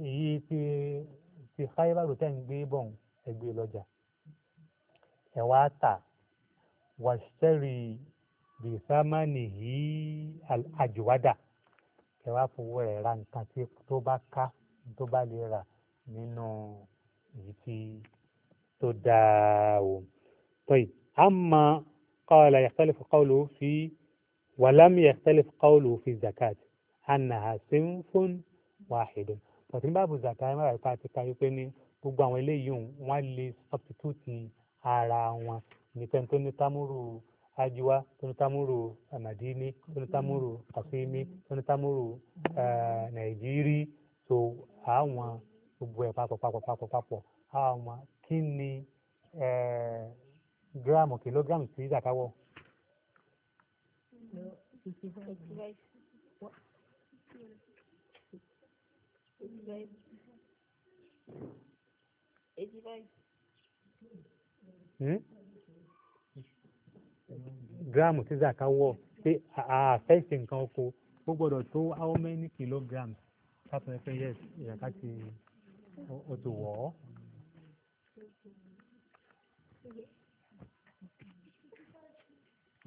èyí ti ti káyébàrò tẹ̀ ń gbé bọ̀ ẹgbẹ́ lọ́jà ẹ̀ wá tà wàṣẹ́rì bìsámánì yìí àjùwádà ẹ wá fowó rẹ̀ ra nǹkan tó bá ká tó bá lè rà nínú èyí tí tó dáa o. tọ́yì àmọ́ قال يختلف قوله في ولم يختلف قوله في الزكاة أنها صنف واحد pọ̀tí ní báàbù zaka ẹ má rà ipa àti ka ní gbogbo àwọn eléyìí òun wọ́n lè substitute ara wọn nìkan tó ní támúrù ajiwa tó ní támúrù amadini eh, tó ní támúrù kasimi tó ní támúrù eh, nàìjírí tó àwọn gbogbo ẹ̀ papọ̀ papọ̀ papọ̀ papọ̀ àwọn kí ni eh, gíráàmù kìlógíráàmù sí zaka wọ̀. Hmm? gíráàmù tí zaka wọ̀ pé àfẹ́sì nǹkan oko ó gbọ́dọ̀ tó how many kilograms kápẹ́ pé yes ìyàká ti ó ti wọ̀ ọ́.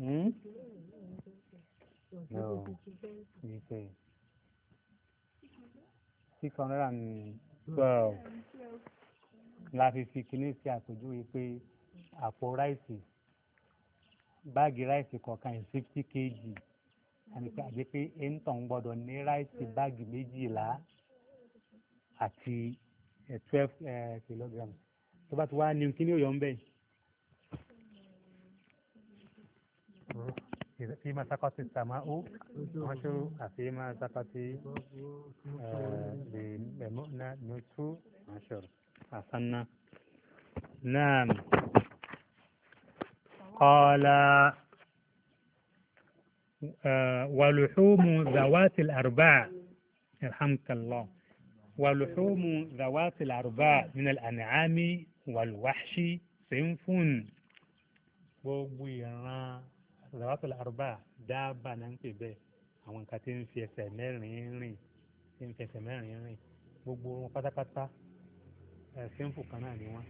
Hmm? No, you six hundred and hmm. twelve la fi fi kíní sí àpèjúwe pé àpò ráìsì báàgì ráìsì kọ̀ọ̀kan is fifty kg àti pé ẹ̀ńtọ̀ ń gbọ́dọ̀ ní ráìsì hmm. báàgì méjìlá àti eh, twelve eh, kilograms tó bá ti wá ní kíní òyò ń bẹ́ẹ̀. إذا فيما سقط السماء آه، عشر فيما سقط بمؤنى نصف عشر أصنع نعم قال آه، ولحوم ذوات الأرباع يرحمك الله ولحوم ذوات الأرباع من الأنعام والوحش صنف gbogbo sọ̀rọ̀wátò àrùbá dáàbà náà ń pè bẹ́ẹ̀ àwọn nǹkan tí ń fi ẹsẹ̀ mẹ́rin rìn tí ń fi ẹsẹ̀ mẹ́rin rìn gbogbo wọn pátápátá ẹ̀ síǹpù kan náà ni wọ́n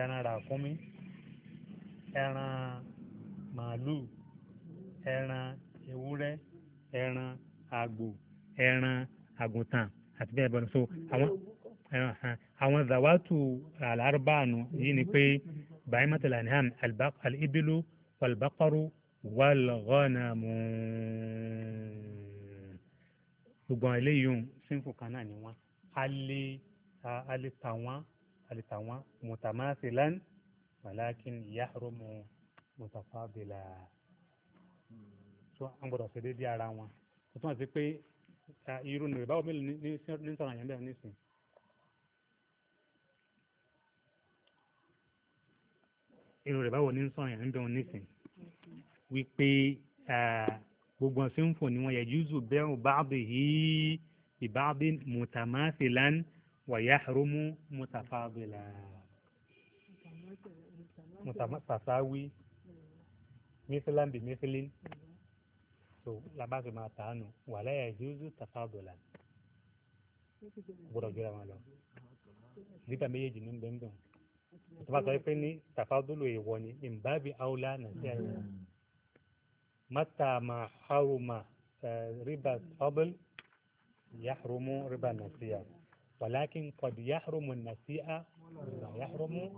ẹran ràkúnmí ẹran màálù ẹran ewúrẹ́ ẹran àgbò ẹran àgùntàn àti bẹ́ẹ̀ bọ́ni so àwọn àwọn zawatu alárùbáànù yìí ni pé bàyìmọ́tò laniham alibilu walbakaru wàlọ́gọ́nàmù gbogbo àwọn eléyìí sínkù kan náà ni wọ́n alẹ́ alẹ́ tà wọ́n alẹ́ tà wọ́n mùtàmáṣẹ́lán wàlákin yahrumu mùtàfàbìlà tó ń gbọdọ̀ ṣe déédéé ara wọn tó tún àti pé irú nìyẹn báwo mélòó ní sọ̀rọ̀ àyàn bẹ́ẹ̀ nísìnyí. irú rẹ̀ báwo ní sọ̀rọ̀ àyàn bẹ́ẹ̀ nísìnyí wípé gbogbo ọ̀sẹ̀ ń fò ní wọn yajuzu bẹ́rù ba'dihi bi ba'din mutamathilan wa yahrumu mutafadilan mutasawi mithilan bi mithilin so labasi ma taanu wala yajuzu tafadilan gbọdọ̀ jura wọn lọ nígbà méjèèjì ní bẹ́ńdùn tó bá sọ pé ní tafadulu èèwọ̀ ni ìmbábi aula nàìjíríà متى ما حرم ربا قبل يحرم ربا النسيئة ولكن قد يحرم النسيئة ولا يحرم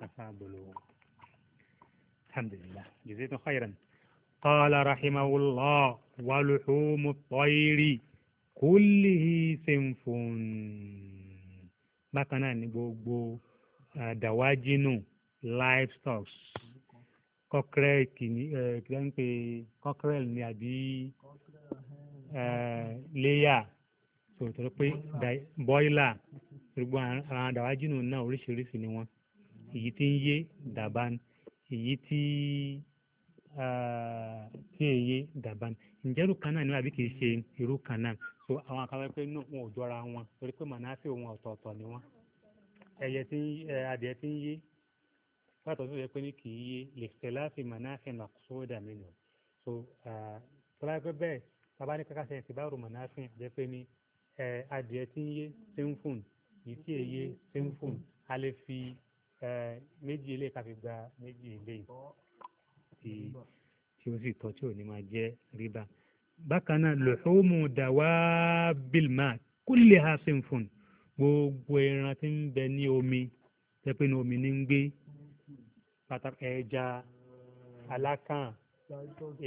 تفاضل الحمد لله جزيت خيرا قال رحمه الله ولحوم الطير كله صنف بكنا نبوغبو آه، دواجن لايف ستوكس kọkẹrẹ kìíní ẹ kìíní ń pè kọkẹrẹ ni àbí ẹ léyà tó tó pé bọ́ìlà gbogbo àwọn àdàwájínú náà oríṣiríṣi ni wọn èyí tí ń yé dàbán èyí tí tí ń yé dàbán ǹjẹ́ irú kan náà ni wọ́n àbí kìí ṣe irú kan náà so àwọn akáwé pé náà wọn ò jọra wọn torí pé mànáfẹ́ òun ọ̀tọ̀ọ̀tọ̀ ni wọn ẹyẹ tí adìẹ tí ń yé látọ̀ tó yẹ pé ní kì í yé lè fẹ́ láti mọ̀náfẹ́ màkúsódà mìíràn so tọ́lá pé bẹ́ẹ̀ bàbá ní kákàṣẹ́ ìsìbá rò mọ̀náfẹ́ jẹ́ pé ní adìẹ tí ń yé sínfùn yìí tí èyí sínfùn a lè fi méjì ilé ká fi gba méjì ilé tí tí ó sì tọ́ tí ò ní máa jẹ́ rìbá bákan náà lùhùmù dàwá bílmà kúlìhà sínfùn gbogbo ẹran tí ń bẹ ní omi tẹ́pẹ́ ní omi ní ń gbé pàtàkì ẹja alákàn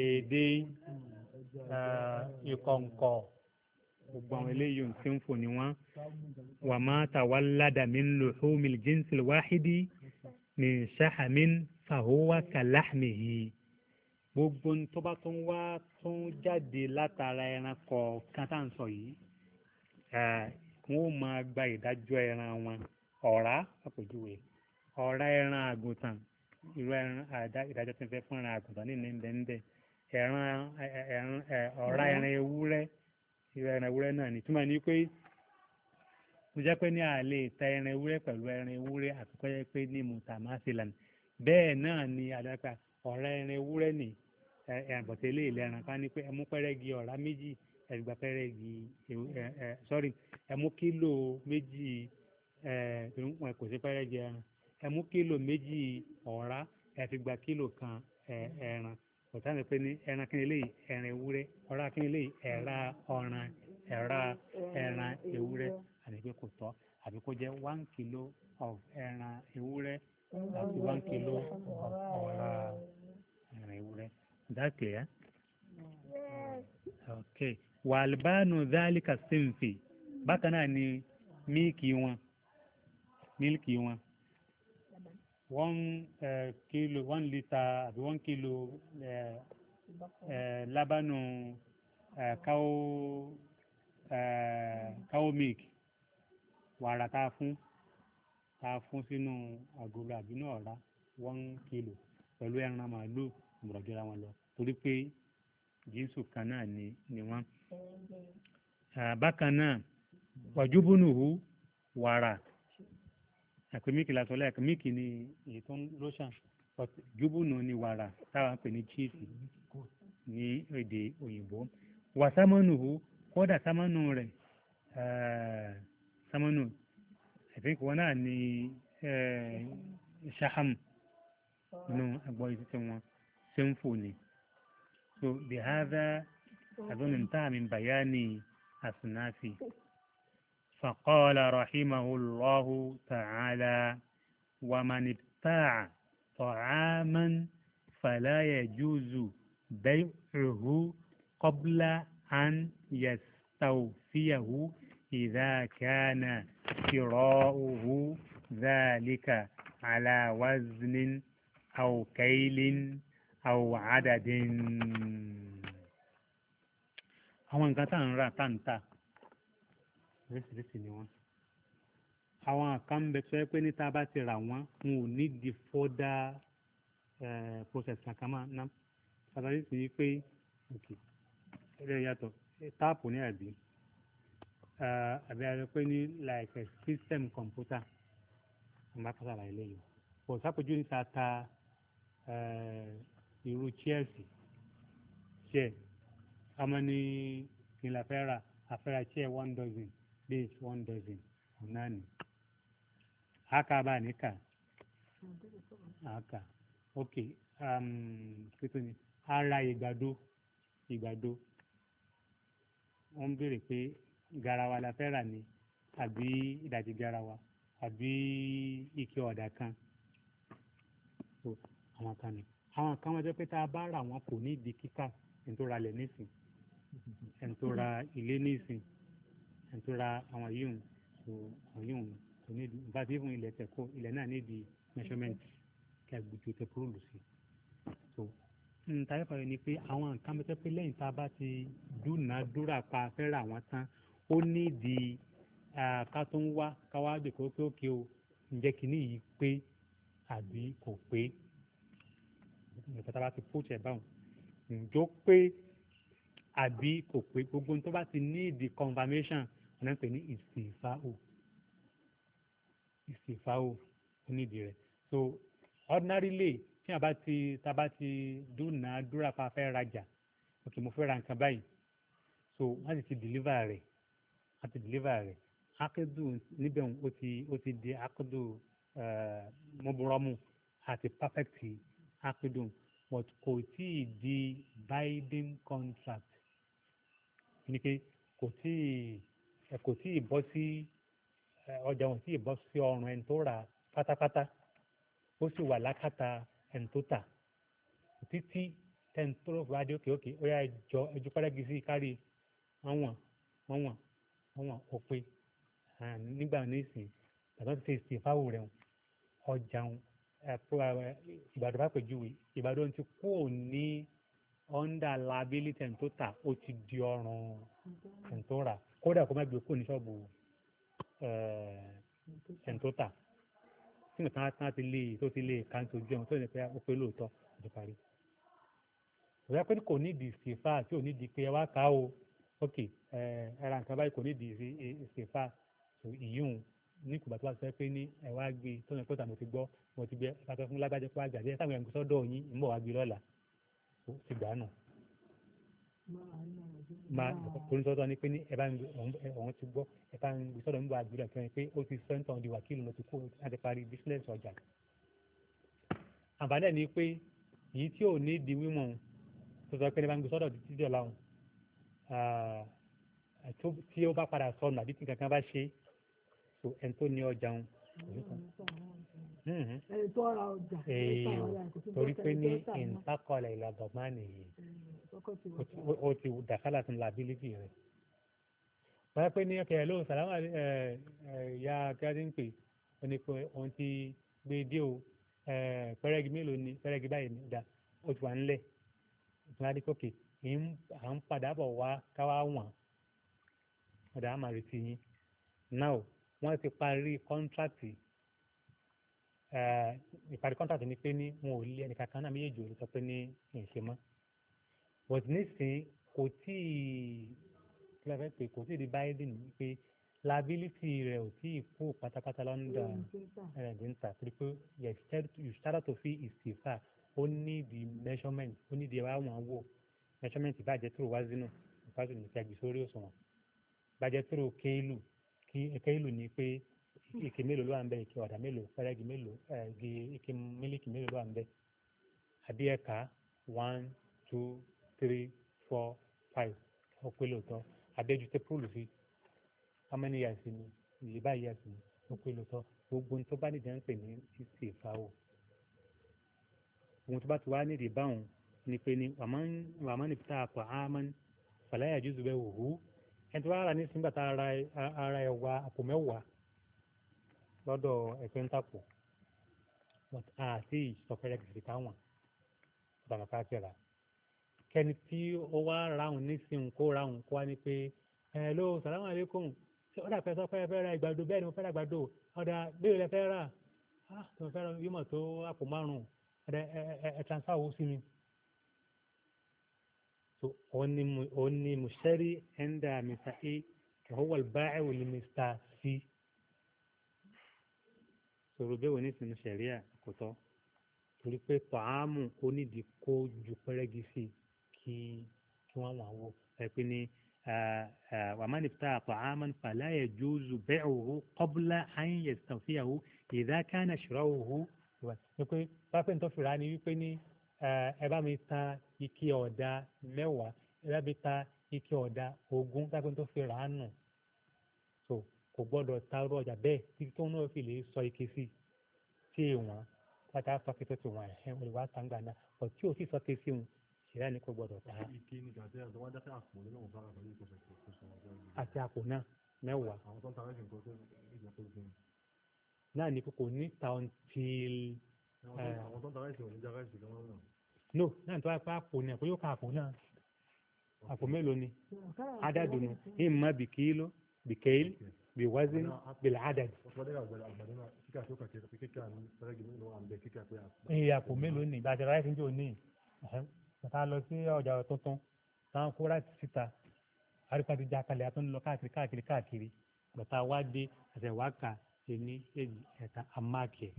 èdè eh, ìkọ̀ǹkọ̀ gbogbo àwọn eléyìí ohun tí ń fò ní wọn wà má tàwáládà min luhumil jinsil wáhídì min ṣahamin fahuwa kalahmihi gbogbo tó bá tún wá tún jáde látara ẹran kọ̀ọ̀kan tá à ń sọ yìí eh, wọn ò máa gba ìdájọ́ ẹran wọn ọ̀rá àpèjúwe ọ̀rá ẹran àgùntàn irú ẹran ìdájọ́ tí ń fẹ́ fún ẹran àgùntàn nínú ń bẹ ń bẹ ẹran ọ̀rá ẹran ewúrẹ́ irú ẹran ewúrẹ́ náà ni túmọ̀ ní pé mo jẹ́ pé ní a lè ta ẹran ewúrẹ́ pẹ̀lú ẹran ewúrẹ́ àfikọ́ jẹ́ pé ní mutamassilan bẹ́ẹ̀ náà ni àdàpà ọ̀rá ẹran ewúrẹ́ nì ẹ̀bọ̀tẹ̀ lè lẹ́ran ká ní pé ẹmú pẹ́rẹ́gi ọ̀rá méjì ẹ̀gbà pẹ́rẹ́gi sorry ẹmú kílò méjì ẹ̀ kò sí pẹ́rẹ́gi ẹran ẹ mú kílò méjì ọ̀rá ẹ fi gba kílò kan ẹran ọ̀tá ni pé ní ẹran kí ni ẹran ewúrẹ́ ọ̀rá kí ẹ̀ra ẹran ewúrẹ́ àti pé kò tọ́ kó jẹ́ one kilo of ẹran ewúrẹ́ àti one kilo of ọ̀rá ẹran ewúrẹ́. Is that ok Wàlbánu dálíkà sínfì bákan ni míìkì wọn wọn. one uh, kilo one litre àbí one kilo uh, eh, uh, eh, labanu uh, cow uh, cow milk wàrà tá a fún tá a fún sínú àgolo àbí náà ọ̀rá one kilo pẹ̀lú ẹran màálùú ìmọ̀rọ̀jọra wọn lọ torí pé jínsù kan náà ni ni wọ́n. bákan náà wàjúbùnùhù wàrà àpè míìkì la sọ lẹ́ẹ̀kan míìkì ni èyí tó ń lóṣàn júbùnù ni wàrà táwa ń pè ní chíìsì ní èdè òyìnbó wà sámánù hù kódà sámánù rẹ̀ eh, sámánù I think wọn náà ni eh, ṣaham nínú àgbọ̀ yìí títí wọn ṣẹ́ńfò ni so bihada azọ́nìntàmì bayani asunafi. فقال رحمه الله تعالى ومن ابتاع طعاما فلا يجوز بيعه قبل أن يستوفيه إذا كان شراؤه ذلك على وزن أو كيل أو عدد àwọn nǹkan تنتهي oríṣiríṣi ni wọ́n àwọn kan ń bẹ tó yẹ pé níta bá ti rà wọ́n n ò ní di fọ́dà eh, process kankan máa ná àtàrí sí i pé ẹ̀rẹ́ yàtọ̀ táàpù ní àbí eh, àbí a rẹ pé ní like a system computer ń bá pàtàkì àlàyé lẹ́yìn kò sápòjú níta ta eh, irú chairs chair àmọ́ ní kí n la fẹ́ ra àfẹ́ra chair one dozen days one dozen unani haka ba nika haka ok kíkún um, ni ara ìgbàdo ìgbàdo wọ́n béèrè pé garawa la fẹ́ rà ni àbí ìdajì garawa àbí ike ọ̀dà kan so àwọn kan ni àwọn kan wọ́n jẹ́ pé tá a bá rà wọ́n kò ní ìdí kíkà ẹni tó ra ilẹ̀ nísìn ẹni tó ra ilé nísìn ẹni tó ra àwọn yìí hùn tó àwọn yìí hùn tó nídìí nǹkan tí fún ilẹ̀ tẹ̀kọ́ ilẹ̀ náà nídìí measurement kí a gbèjò tẹ púrúlù sí so nǹkan ayọ́fà yẹn ni pé àwọn nǹkan mẹ́tẹ́ pé lẹ́yìn tá a bá ti dúnàádúrà pa fẹ́ ra àwọn tán ó nídìí ká tó ń wá ká wá dè kó pé òkè o ǹjẹ́ kìíní yìí pé àbí kò pé nǹkan tá a bá ti pòjì ẹ̀ báwọn ǹjọ́ pé àbí kò pé gbogbo tó bá ti ní ìdí confirmation wọn pè ní ìsìfáò ìsìfáò onídìí rẹ̀ so ordinarily tí a bá ti ta bá ti dúnàádúrà pa fẹ́ rajà ok mo fẹ́ ra nǹkan báyìí so wọ́n sì ti deliver rẹ̀ wọ́n ti deliver rẹ̀ akédù níbẹ̀ ó ti ó ti di akédù eh, mọ́bùrọ́mù àti perfect akédù but kò tí di binding contract ní pé kò tí ẹ kò tí ì bọ́ sí ọjà wọn tí ì bọ́ sí ọrùn ẹni tó rà pátápátá ó sì wà lákàtà ẹni tó tà títí ẹni tó rọ̀ wá dé òkè òkè ó yà jọ ẹjú pẹ́rẹ́gì sí kárí ọ̀wọ̀n ọ̀wọ̀n ọ̀wọ̀n òpin nígbà nísìnyí tàbí wọ́n ti ṣe ìsìnfáwò rẹ̀ ọjà wọn ìbàdàn bá pèjúwe ìbàdàn ti kú ní under liability ẹ̀ tó tà ó ti di ọrùn ẹ̀ tó rà kódà kó má gbé kó ní ṣọ́ọ̀bù ṣèǹtótà eh, tota. tí nǹkan tán ti lè tó ti lè ká ní ojú ẹ̀wọ̀n tó ní pé ó pé lóòótọ́ ìjọ parí. ìwé pé kò ní ìdí ìsèfà tí ò ní ìdí pé ẹ wá ká o ok ẹran eh, nǹkan báyìí kò ní ìdí ìsèfà ìyíhùn ní kùgbà tó bá ti sọ pé ní ẹ wá gbé tó ní pé tàbí ti gbọ́ mo ti gbẹ pàtó fún lágbájá pé wá gbàgbé ẹ táwọn ẹ̀gbọ́n sọ́dọ̀ yín ń bọ̀ wá gbé lọ́la ti gbà nù. máa ń máa ah. torí sọ́dọ̀ ni pé ní ẹ bá ń gbé ọ̀hún ti gbọ́ ẹ bá ń gbé sọ́dọ̀ nígbà àgbélé ọ̀fẹ́ ni pé ó ti sẹ́ńtọ̀ ọ̀dì wákìlì ló ti kó láti parí bísíǹnẹ̀sì ọjà. àbálẹ̀ ni pé èyí tí ò ní di wímọ̀ tó sọ pé ẹ bá ń gbé sọ́dọ̀ títí dọ̀ láwọn ah, tí ó bá padà sọnù àbí tí kankan bá ṣe so ẹni tó ní ọjà ń. Hmm. Hmm. ẹni tó ra ọjà torí pé ní ìntakọ̀lẹ̀ ìlàgọ̀mánì yìí. Hmm o ti dàkálà tó ń la ability rẹ̀ báyọ̀ pé ní ọkẹ́ ẹ̀ ló sàlámà ẹ̀ ya kíláàdì ń pè ó ní pé òun ti gbé dé o eh, pẹ́rẹ́gì mélòó ni pẹ́rẹ́gì báyìí ni dá o ti wà ńlẹ̀ ìtúnadí kòkè à ń padà bọ̀ wá káwá wọ̀n ọ̀dà àmà retí yín now wọ́n ti parí kọ́ńtrákì eh, ìparí kọ́ńtrákì ni pé ní wọn ò lé ẹnìkan kan náà méjèèjì ò lè sọ pé ní ìṣe mọ́ but nísìnyí kò tí ì kílẹ̀fẹ́ pé kò tí ì di biden pé liability rẹ̀ ò tí ì kú pátápátá lọ́ndà ẹ̀rẹ̀ dín tà torí pé you start to feel ìsìfà ó ní di measurement ó ní di àwọn wò measurement ìbàjẹ́ tó wá sínú ìbájú ní ti àgbèsórí òṣùwọ̀n ìbàjẹ́ tó kéèlù kéèlù ni pé ike mélòó ló wà ń bẹ ike ọ̀dà mélòó fẹ́rẹ́gì mélòó eh, ike mílíkì mélòó ló wà ń bẹ àbí ẹ̀ka one two three four five ó pé lóòótọ́ adéjú tẹ púlù sí how many years ni ìyè báyìí years ni ó pé lóòótọ́ gbogbo ohun tó bá nìjẹ́ ń pè ní ìsèfáwò ohun tó bá ti wá nídìí báwọn ni pé ni wàmá ní pété àpò àmọ́ fàlàyà jùzù bẹ́ẹ̀ wò ó ẹni tó bá rà ní sígbà tá ara ẹ̀ wá àpò mẹ́wàá lọ́dọ̀ ẹ̀fẹ́ ń tàpọ̀ àti ìsọfẹ́rẹ́ kìkì táwọn ìdàgbàsókè rà kẹni tí ó wá ráhùn nísìnyí kó ráhùn kó wá ní pé hello salamu alaikum ọ̀dà fẹ́ sọ fẹ́ fẹ́ ra ìgbàdo bẹ́ẹ̀ ni mo fẹ́ ra ìgbàdo ọ̀dà bẹ́ẹ̀ lẹ fẹ́ rà á ah, mo fẹ́ ra yóò mọ̀ tó àpò márùn-ún ọ̀dà ẹ transfer owó sí mi. so òun ni mùsẹ́rì ẹ̀ńdà mr a kẹ̀hóhùwà báyìí wò ni mr c. sọ̀rọ̀ bẹ́ẹ̀ wò ní sinmi sẹ̀ríà kò tọ́ torí pé tọ́hámù onídìí kó ju pẹ́rẹ́gì sí i kí kí wọ́n wà wò ẹ pé ní wàmán iftara ta'aman fala yajuzu bai'uhu qabla an yastanfiyahu idha kana shira'uhu ni pé pápẹ́ ní tó fìrà ni wípé ní ẹ bá mi ta ike ọ̀dà mẹ́wàá ẹ bá mi ta ike ọ̀dà ogún pápẹ́ ní nù so kò gbọ́dọ̀ taarọ̀ ọjà bẹ́ẹ̀ títí tó náà fi lè sọ ike sí tí èèwọ̀n pátá sọ kẹsẹ̀ tó wọn ẹ̀ ẹ̀ wọ́n lè wá sàǹgbà náà ọ̀ tí ò sì sọ kẹsẹ̀ wọn ṣẹlẹ̀ ni kò gbọdọ̀ ta. àti àpò náà mẹ́wàá. náà ní ta eh, ní já ráìsì no náà tó wá àpò ni àpò yóò ka àpò náà àpò mélòó ni adadu ni ìmọ̀ bìkìlò bìkẹ́lì biwazin biladad. ìyàpò mélòó ni bàtà ráìsì ń jò ní bàtà lọ sí ọjà tuntun táwọn kó ráìsì síta àríkà ti já kalẹ̀ àtúntò lọ káàkiri káàkiri káàkiri bàtà wá dé àtẹ̀wá kà èmi èjì ẹ̀ta amáàkì ẹ̀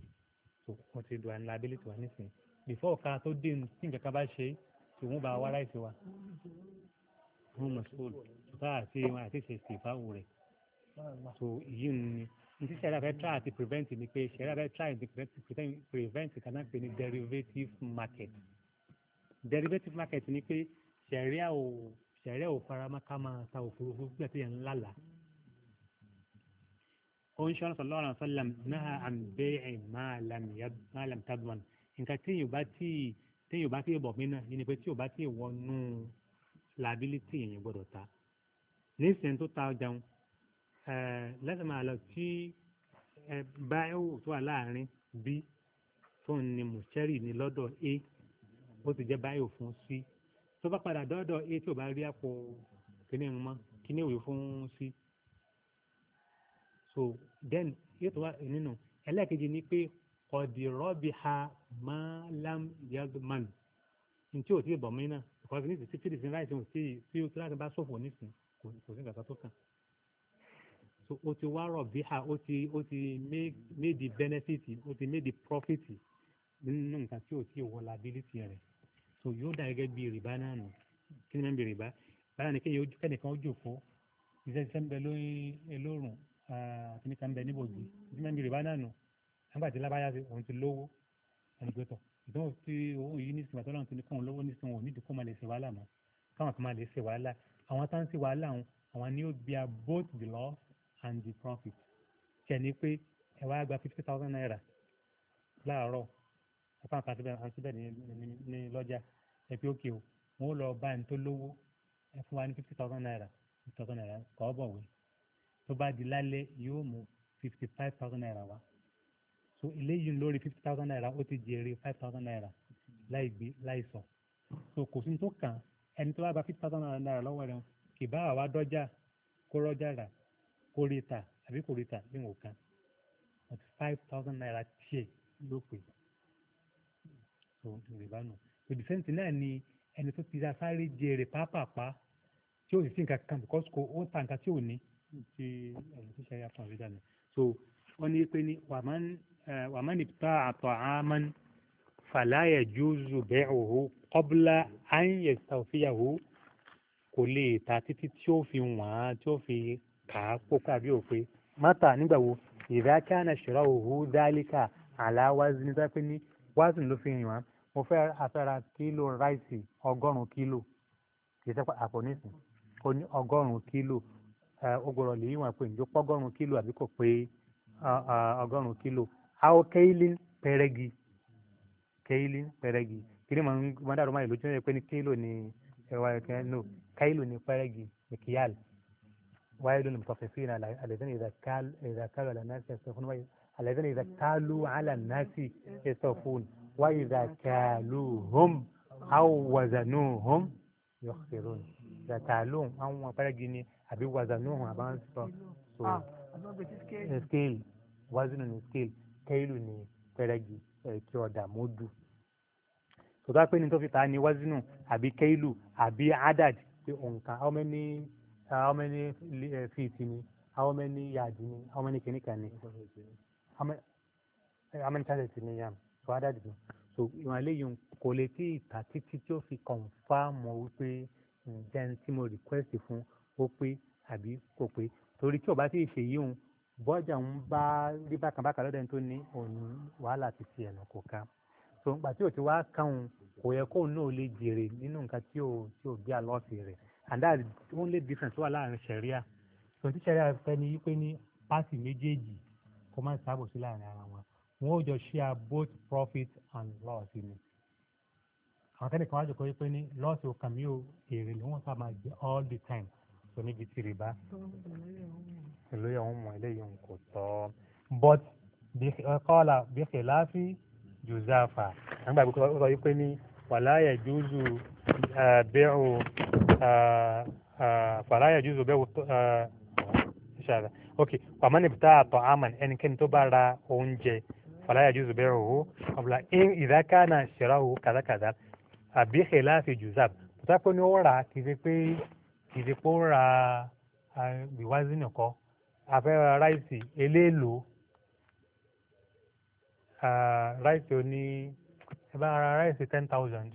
tó wọ́n ti dùn àìlà abẹ́lẹ̀ tiwa nísìnyí bìfọ́ ọ̀ka tó dé ní tí nǹkan kan bá ṣe tí wọ́n bá wá ráìsì wa wọ́n mọ̀ sóòlù bá àti wọn àti ṣe ìfàwù rẹ̀ tó èyí ni nítí sẹ́dá fẹ́ try àti prevent ni pé sẹ́dá fẹ́ try àti prevent kanáà pé ní derivative market derivative market ni pé sẹ̀ríà ò sẹ̀ríà ò faramọ́ ká máa ta òfurufú gbígbà tó yẹn ńlá là. ó ń ṣọ́nà sọ̀lọ́ ọ̀ràn sọ́làm náà àǹbẹ̀rẹ̀ máa làm tagman nǹkan tí yóò bá tí yóò bá tí bọ̀ mí náà yìí ni pé tí yóò bá tí wọnú liability èèyàn gbọ́dọ̀ ta. nísìnyí tó ta ọjà wọn eh, lẹ́sìn máa lọ sí eh, báyìí tó wà láàrin b tóun ni mùsẹ́rì ni lọ́dọ̀ a ó sì jẹ́ báyò fún sí tó bá padà dọ́dọ̀ a tí ò bá rí àpò kíní ń mọ́ kíní ìwé fún sí so then yóò tó wá nínú ẹlẹ́ẹ̀kejì ni pé ọ̀dìrọ́bì ha máa lam yagman ntí ò tí ì bọ̀ mí náà because ní ìsìn fífi ìsìn láìsìn òsì tí ó láti bá ṣòfò nísìn kò sí nǹkan tó kàn so ó ti wá rọ̀ bí ha ó ti ó ti made the benefit ó ti made the profit nínú nǹkan tí ò tí ì wọ liability rẹ̀ so yóò dà gẹ́gẹ́ bí rìbá náà nù kí ni wọ́n bí rìbá báyà ni kéèyàn kẹ́nìkan ó jòkó iṣẹ́ iṣẹ́ ń bẹ lórí elórùn àti níkan ń bẹ níbòjì kí ni wọ́n bí rìbá náà nù nígbà tí lábáyá ti òun ti lówó ẹnìgbẹ́tọ̀ ìdánwò tí òun yìí ní ìsìnkú àtọ́lá ti ní kóun lówó ní ìsìnkú òun nídìí kó máa lè ṣe wàhálà mọ́ káwọn kan máa lè ṣe wàhálà àwọn tá ń ṣe wàhálà àwọn àwọn ni ó bear both the loss and the profit kẹ́ni pé ẹ wá gba fifty thousand naira láàárọ̀ ẹ̀fọn àti àti bẹ́ẹ̀ ní lọ́jà ẹ pé ókè o wọn ó lọ bá ẹni tó lówó ẹ fún wa ní fifty thousand naira fifty thousand naira kọ́ ọ bọ̀wé tó bá di lálẹ́ yóò mú fifty five thousand naira wá so eléyìí lórí fifty thousand naira ó ti jèrè five thousand naira láì gbé láì sọ so kò sí tó kàn ẹni tó bá gba fifty thousand naira lọ́wọ́ rẹ̀ kì bá àwa dọ́jà kó rọ́jà rà kó rí ta àbí kò rí ta bí wọn kàn but five thousand naira tiẹ̀ ló pè so ìrìbánu rìbìsẹ́ǹtì náà ni ẹni tó ti ra sáré jèrè pápápá tí ó sì sí nǹkan kan because kò ó ta nǹkan tí ò ní ti ẹ̀yìn tó ṣe ayé afọ àrídà ni so wọ́n ní pé ní wàmán ìpìtà àtọ̀ àmán fàlàyé jùzù bẹ́ẹ̀ òhó kọ́bùlà àyè tàwọ́fíyàwó kò lè ta títí tí ó fi wọ́n á tí ó fi kà á pópá àbí òfin mátà nígbà wo ìdákẹ́ àná ṣọ́ra òhó dálíkà àláwází nígbà pé ní wázìn ló fi yàn wá mo fẹ́ afẹ́ra kílò ráìsì ọgọ́rùn-ún kílò kì í ṣe àpò nísìn ó ní ọgọ́rùn-ún kílò ó gbọ́dọ̀ lè yíwọ̀n pé ǹjọ́ pọ́gọ́rùn-ún kílò àbí kò pé ọgọ́rùn-ún kílò àwọn kéílín pẹrẹgì kéílín pẹrẹgì kìnìún máa ń máa dàrú máa lójú ẹ pé ní kílò ni ẹwà ẹkẹ no káìlò ni pẹrẹgì ìkìyàl wáyé lónìí mùtọ́fẹ́fẹ́ ní àlẹ́sìn ìdàkálù àlẹ́sìn ìdàkálù àlẹ́sìn ìdàkálù àlẹ́sìn ìdàkálù àlẹ́sìn ìdàkálù wa idha kaluhum aw wazanuhum yukhsirun idha kaluhum àwọn apárẹ́gì ni àbí wazanuhum àbá ń sọ so scale wazinu ni scale kẹ́lù ni pẹ́rẹ́gì ẹ̀kí eh, ọ̀dà mọ́dù tòtá pé ní tó fi ta ni wazinu àbí kẹ́lù àbí adad pé òǹkà how many how many eh, feet ni how many yard ni how many kìnnìkan ni how many chances eh, ni yam fàdà dìbò so ìwọ̀n eléyìí kò lè tí ìta títí tí ó fi kọ̀nfàmù wípé ǹjẹ́ ní tí mo request fún ó pé àbí kò pé torí tí ò bá ti ṣe yíhun bọ́jà ń bá rí bákan bákan lọ́dẹ̀ tó ní òun wàhálà ti fi ẹ̀nà kò ká so nígbà tí ò ti wá káwọn kò yẹ kóun náà lè jèrè nínú nǹkan tí ò tí ò bí àlọ́ọ̀sì rẹ̀ and that only difference wà láàrin sẹ̀ríà so tí sẹ̀ríà fẹ́ ni wípé ní pàṣẹ méjèèjì kó má sábòsí láàrin ara wọn wọn ò jọ share both profit and loss ni àwọn kẹ́ni kan wá jòkó pé ní loss ò kàn mí ò èrè ni wọ́n sábà jẹ all the time tó níbi tí rìbá ìlú yẹn ń mọ eléyìí kò tọ́ but kọ́lá bí kìláàfì jùzáfà nígbà gbogbo ó sọ wípé ní wàláyà jùzù bẹ́ẹ̀rù wàláyà jùzù bẹ́ẹ̀rù ṣàlà ok wàmánìbítà àtọ̀ àmàn ẹnikẹ́ni tó bá ra oúnjẹ fàlàyà jùzù bẹ́ẹ̀ wò ọ̀bùlà ìdákànnà ṣẹ̀ráwò kàdákàdá àbí khilafi jùzàb tọ́tà pé ní ó rà kì í ṣe pé kì í ṣe pé ó ra ìwájú nìkan afẹ́ra ráìsì eléèlò ráìsì oní ẹ bá ra ráìsì ten thousand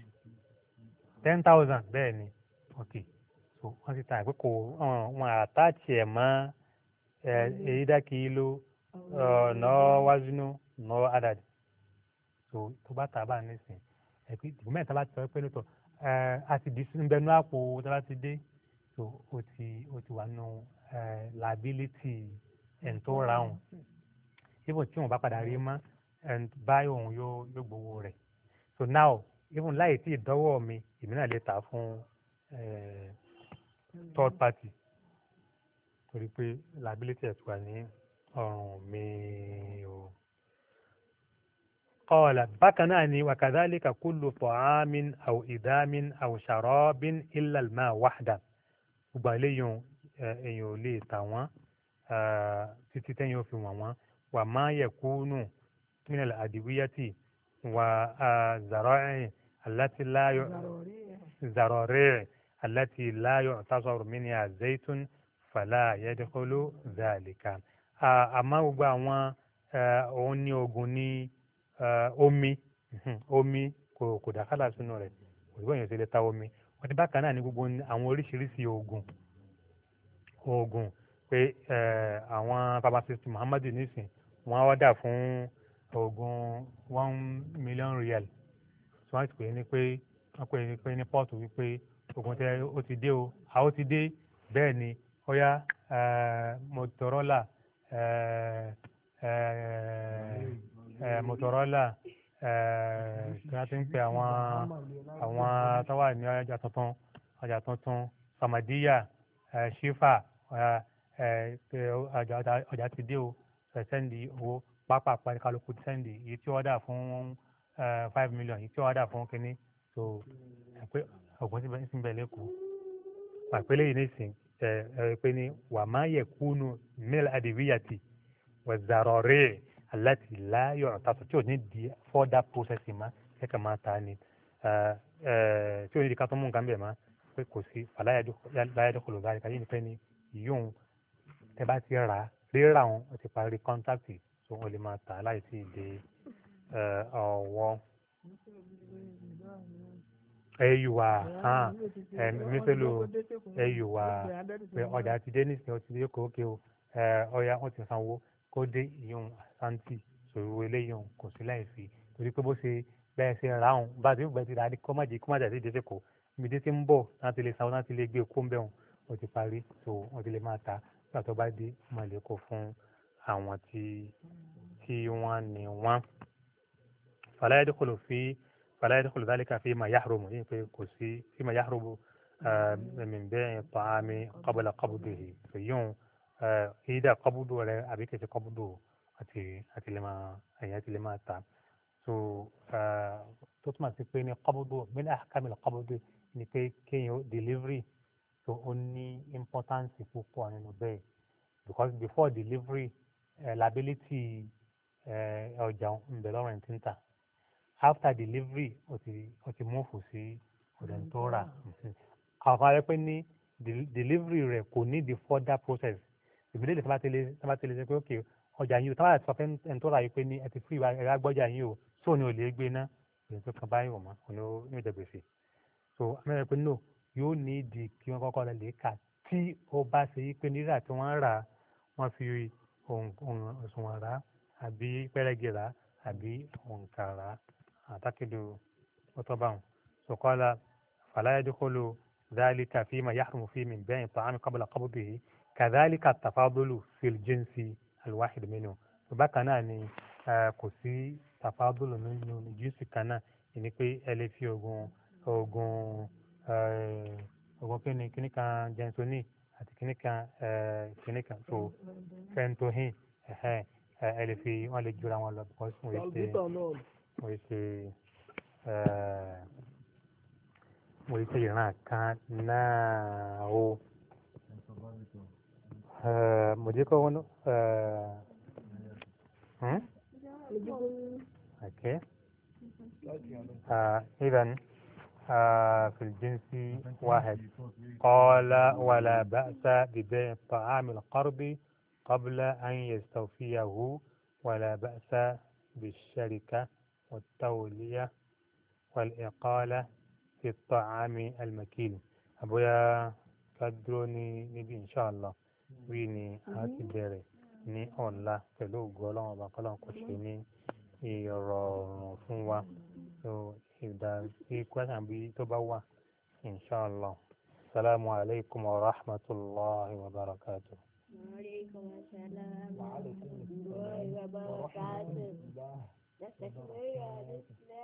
ten thousand bẹ́ẹ̀ ni ok so wọ́n ti tàn àpé kò wọ́n àtàtì ẹ̀ mọ́ ẹ̀ẹ́dá kìí ló ọ̀nà wájúnú nọ́rọ́ adad so tó bá tà bá nísìn ẹ̀pẹ́ ìdìbò mẹ́ta bá ti sọ pé lóòótọ́ a ti di nbẹnu àpò tó bá ti dé so o ti o ti wà nù liability ẹ̀ ń tó ra òun ibo tí òun bá padà rí mọ́ ẹ̀ ń báyìí òun yóò gbowó rẹ̀ so now even láì tí ìdánwò mi èmi náà lè tà fún third party torí pé liability ẹ̀ ti wà ní ọrùn mi o. قال بكناني وكذلك كل طعام أو إدام أو شراب إلا الماء وحده وباليون èèyàn ò lè tà wọ́n títí tẹ́yìn ò fi wọ̀n wọ́n wà má yẹ kúnú minal adìwíyàtì wà zarọ́ẹ̀ aláti láyọ̀ zarọ́rẹ̀ aláti láyọ̀ tasọ̀rọ̀ mí ni àzẹ́tún fàlà yẹ́dẹ́kọ́ló zàlìkà. àmọ́ gbogbo àwọn òun ní ogun ní. Eh, omi mhm, omi kò kò dàkálà sínú rẹ̀ kò sí bóyá ìṣẹ̀lẹ̀ ta omi wọ́n ti bákan náà ní gbogbo àwọn oríṣiríṣi oògùn oògùn pé eh, àwọn pharmacist muhammadu nisin wọ́n á wádà fún oògùn one million real tí wọ́n ti pè é ní pé wọ́n pè é ní pé ní pọ́ọ̀tù wípé oògùn tẹ ó ti dé o àwọn ti dé bẹ́ẹ̀ ni ọ̀yá eh, motorola motorola kí wọ́n ti ń pe àwọn àwọn tọ́wà ní ọjà tuntun ọjà tuntun samadiya shifa ọjà ti dé o sẹ́ndì owó pápá kálukú sẹ́ndì èyí tí wọ́n dà fún five million èyí tí wọ́n dà fún kínní so pé ọ̀gbọ́n ti bẹ́ẹ̀ síbẹ̀ lẹ́kọ̀ọ́ àpẹẹlẹ yìí nìsín ẹ ẹ pé ní wàmáyẹ̀kúnú mílíọ̀nù àdìbíyàtì wàzàrọ̀rẹ́ẹ̀ aláti láyọ̀ ọ̀tàtọ̀ tí ò ní di further processing ma kẹ́kẹ́ máa ta ni tí ò ní di ká tó mú nǹkan bẹ̀ ma pé kò sí fàlàyàdókòlò bá àyíká yìí ni pé ni yóò tẹ bá ti rà rírà wọn ó ti parí kọ́ńtàkì tó wọn lè máa tà láì tí ì dé ọ̀wọ́ ẹyùwà hàn mísèlú ẹyùwà pé ọjà ti dé nísìnyí ó ti dé kókè o ọya wọn ti sanwó kó dé ìyóhùn santi sòwò eléyìí òun kò sí láì fi torí pé bó ṣe bẹ́ẹ̀ ṣe ra òun bá a ti gbà ti rà á ní kọ́májì kọ́májì àti ìdíje kò ibi tí ń bọ̀ láti lè sanwó láti lè gbé okó ń bẹ̀ òun ó ti parí tó wọ́n ti lè máa ta nígbà tó bá dé máa lè kó fún àwọn tí tí wọ́n ní wọ́n. fàlàyé dẹ́kọ̀lù fi fàlàyé dẹ́kọ̀lù dálíkà fi máa yáhùrù mu yìí pé kò sí fi máa yáhùrù mu eh, min bẹ́ẹ̀ pààmì kọ́bùlà kọ́bùdù yìí fèyí òun ìdá kọ́bùdù rẹ̀ àbí kẹ̀kẹ́ kọ́bùdù rẹ̀ àti àti lè máa ẹ̀yà àti lè máa tà so tó túmọ̀ sí pé ní kọ́bọ́dọ̀ mílẹ̀ àkàmìlẹ̀ kọ́bọ́dọ̀ ni pé kéèyàn delivery so ó ní importance púpọ̀ nínú bẹ́ẹ̀ because before delivery liability ọjà ń bẹ lọ́rùn tí ń tà after delivery ó ti ó move sí ọ̀dọ̀ tó rà àwọn afárá pé ní delivery rẹ̀ kò ní the further process ìbílẹ̀ tí wọ́n bá tẹ̀lé tí ṣe pé okay ọjà yìí o táwọn àti sọ fẹ́ ẹni tó ra yìí pé ní ẹ ti fún ìwà ẹ̀rọ agbọ́jà yìí o tí òun ò lè gbé ná èyí tó kan báyìí wọ̀ mọ́ òun ò jẹ gbèsè so amẹ́rẹ́ pé no yóò ní ìdí kí wọ́n kọ́kọ́ lè kà tí ó bá ṣe yí pé nígbà tí wọ́n rà wọ́n fi òṣùwọ̀n rà àbí pẹ́rẹ́gì rà àbí òǹkà rà àtàkìlù ọtọ́bàrún sọ̀kọ́lá fàlàyédékọ́lù ذلك فيما يحرم فيه من بيع الطعام قبل قبضه كذلك التفاضل في الجنس alwahid minhu bákan náà ni kò sí tafadulu nínú júùsì kan náà ìní pé ẹ lè fi oògùn oògùn oògùn kíni kíni kan jẹnsoni àti kíni kan kíni kan so fentohin ẹ lè fi wọn lè jura wọn lọ because wọn yìí ṣe wọn yìí ṣe wọn yìí ṣe ìran kan náà o. आ, मुझे को اوكي آه، اذا آه، في الجنس واحد قال ولا بأس ببيع الطعام القرض قبل أن يستوفيه ولا بأس بالشركة والتولية والإقالة في الطعام المكين أبويا قدروني نبي إن شاء الله wí ni a ti bẹ̀rẹ̀ ní ọ̀la pẹ̀lú ògùn ọlọ́run ọba kọ́lọ́run kò ṣe ní ìrọ̀rùn fún wa so ìdá kwẹ́sàn bí tó bá wà inṣàlá salamu alaykum wa rahmatulahi wa barakatu. ورحمة الله وبركاته.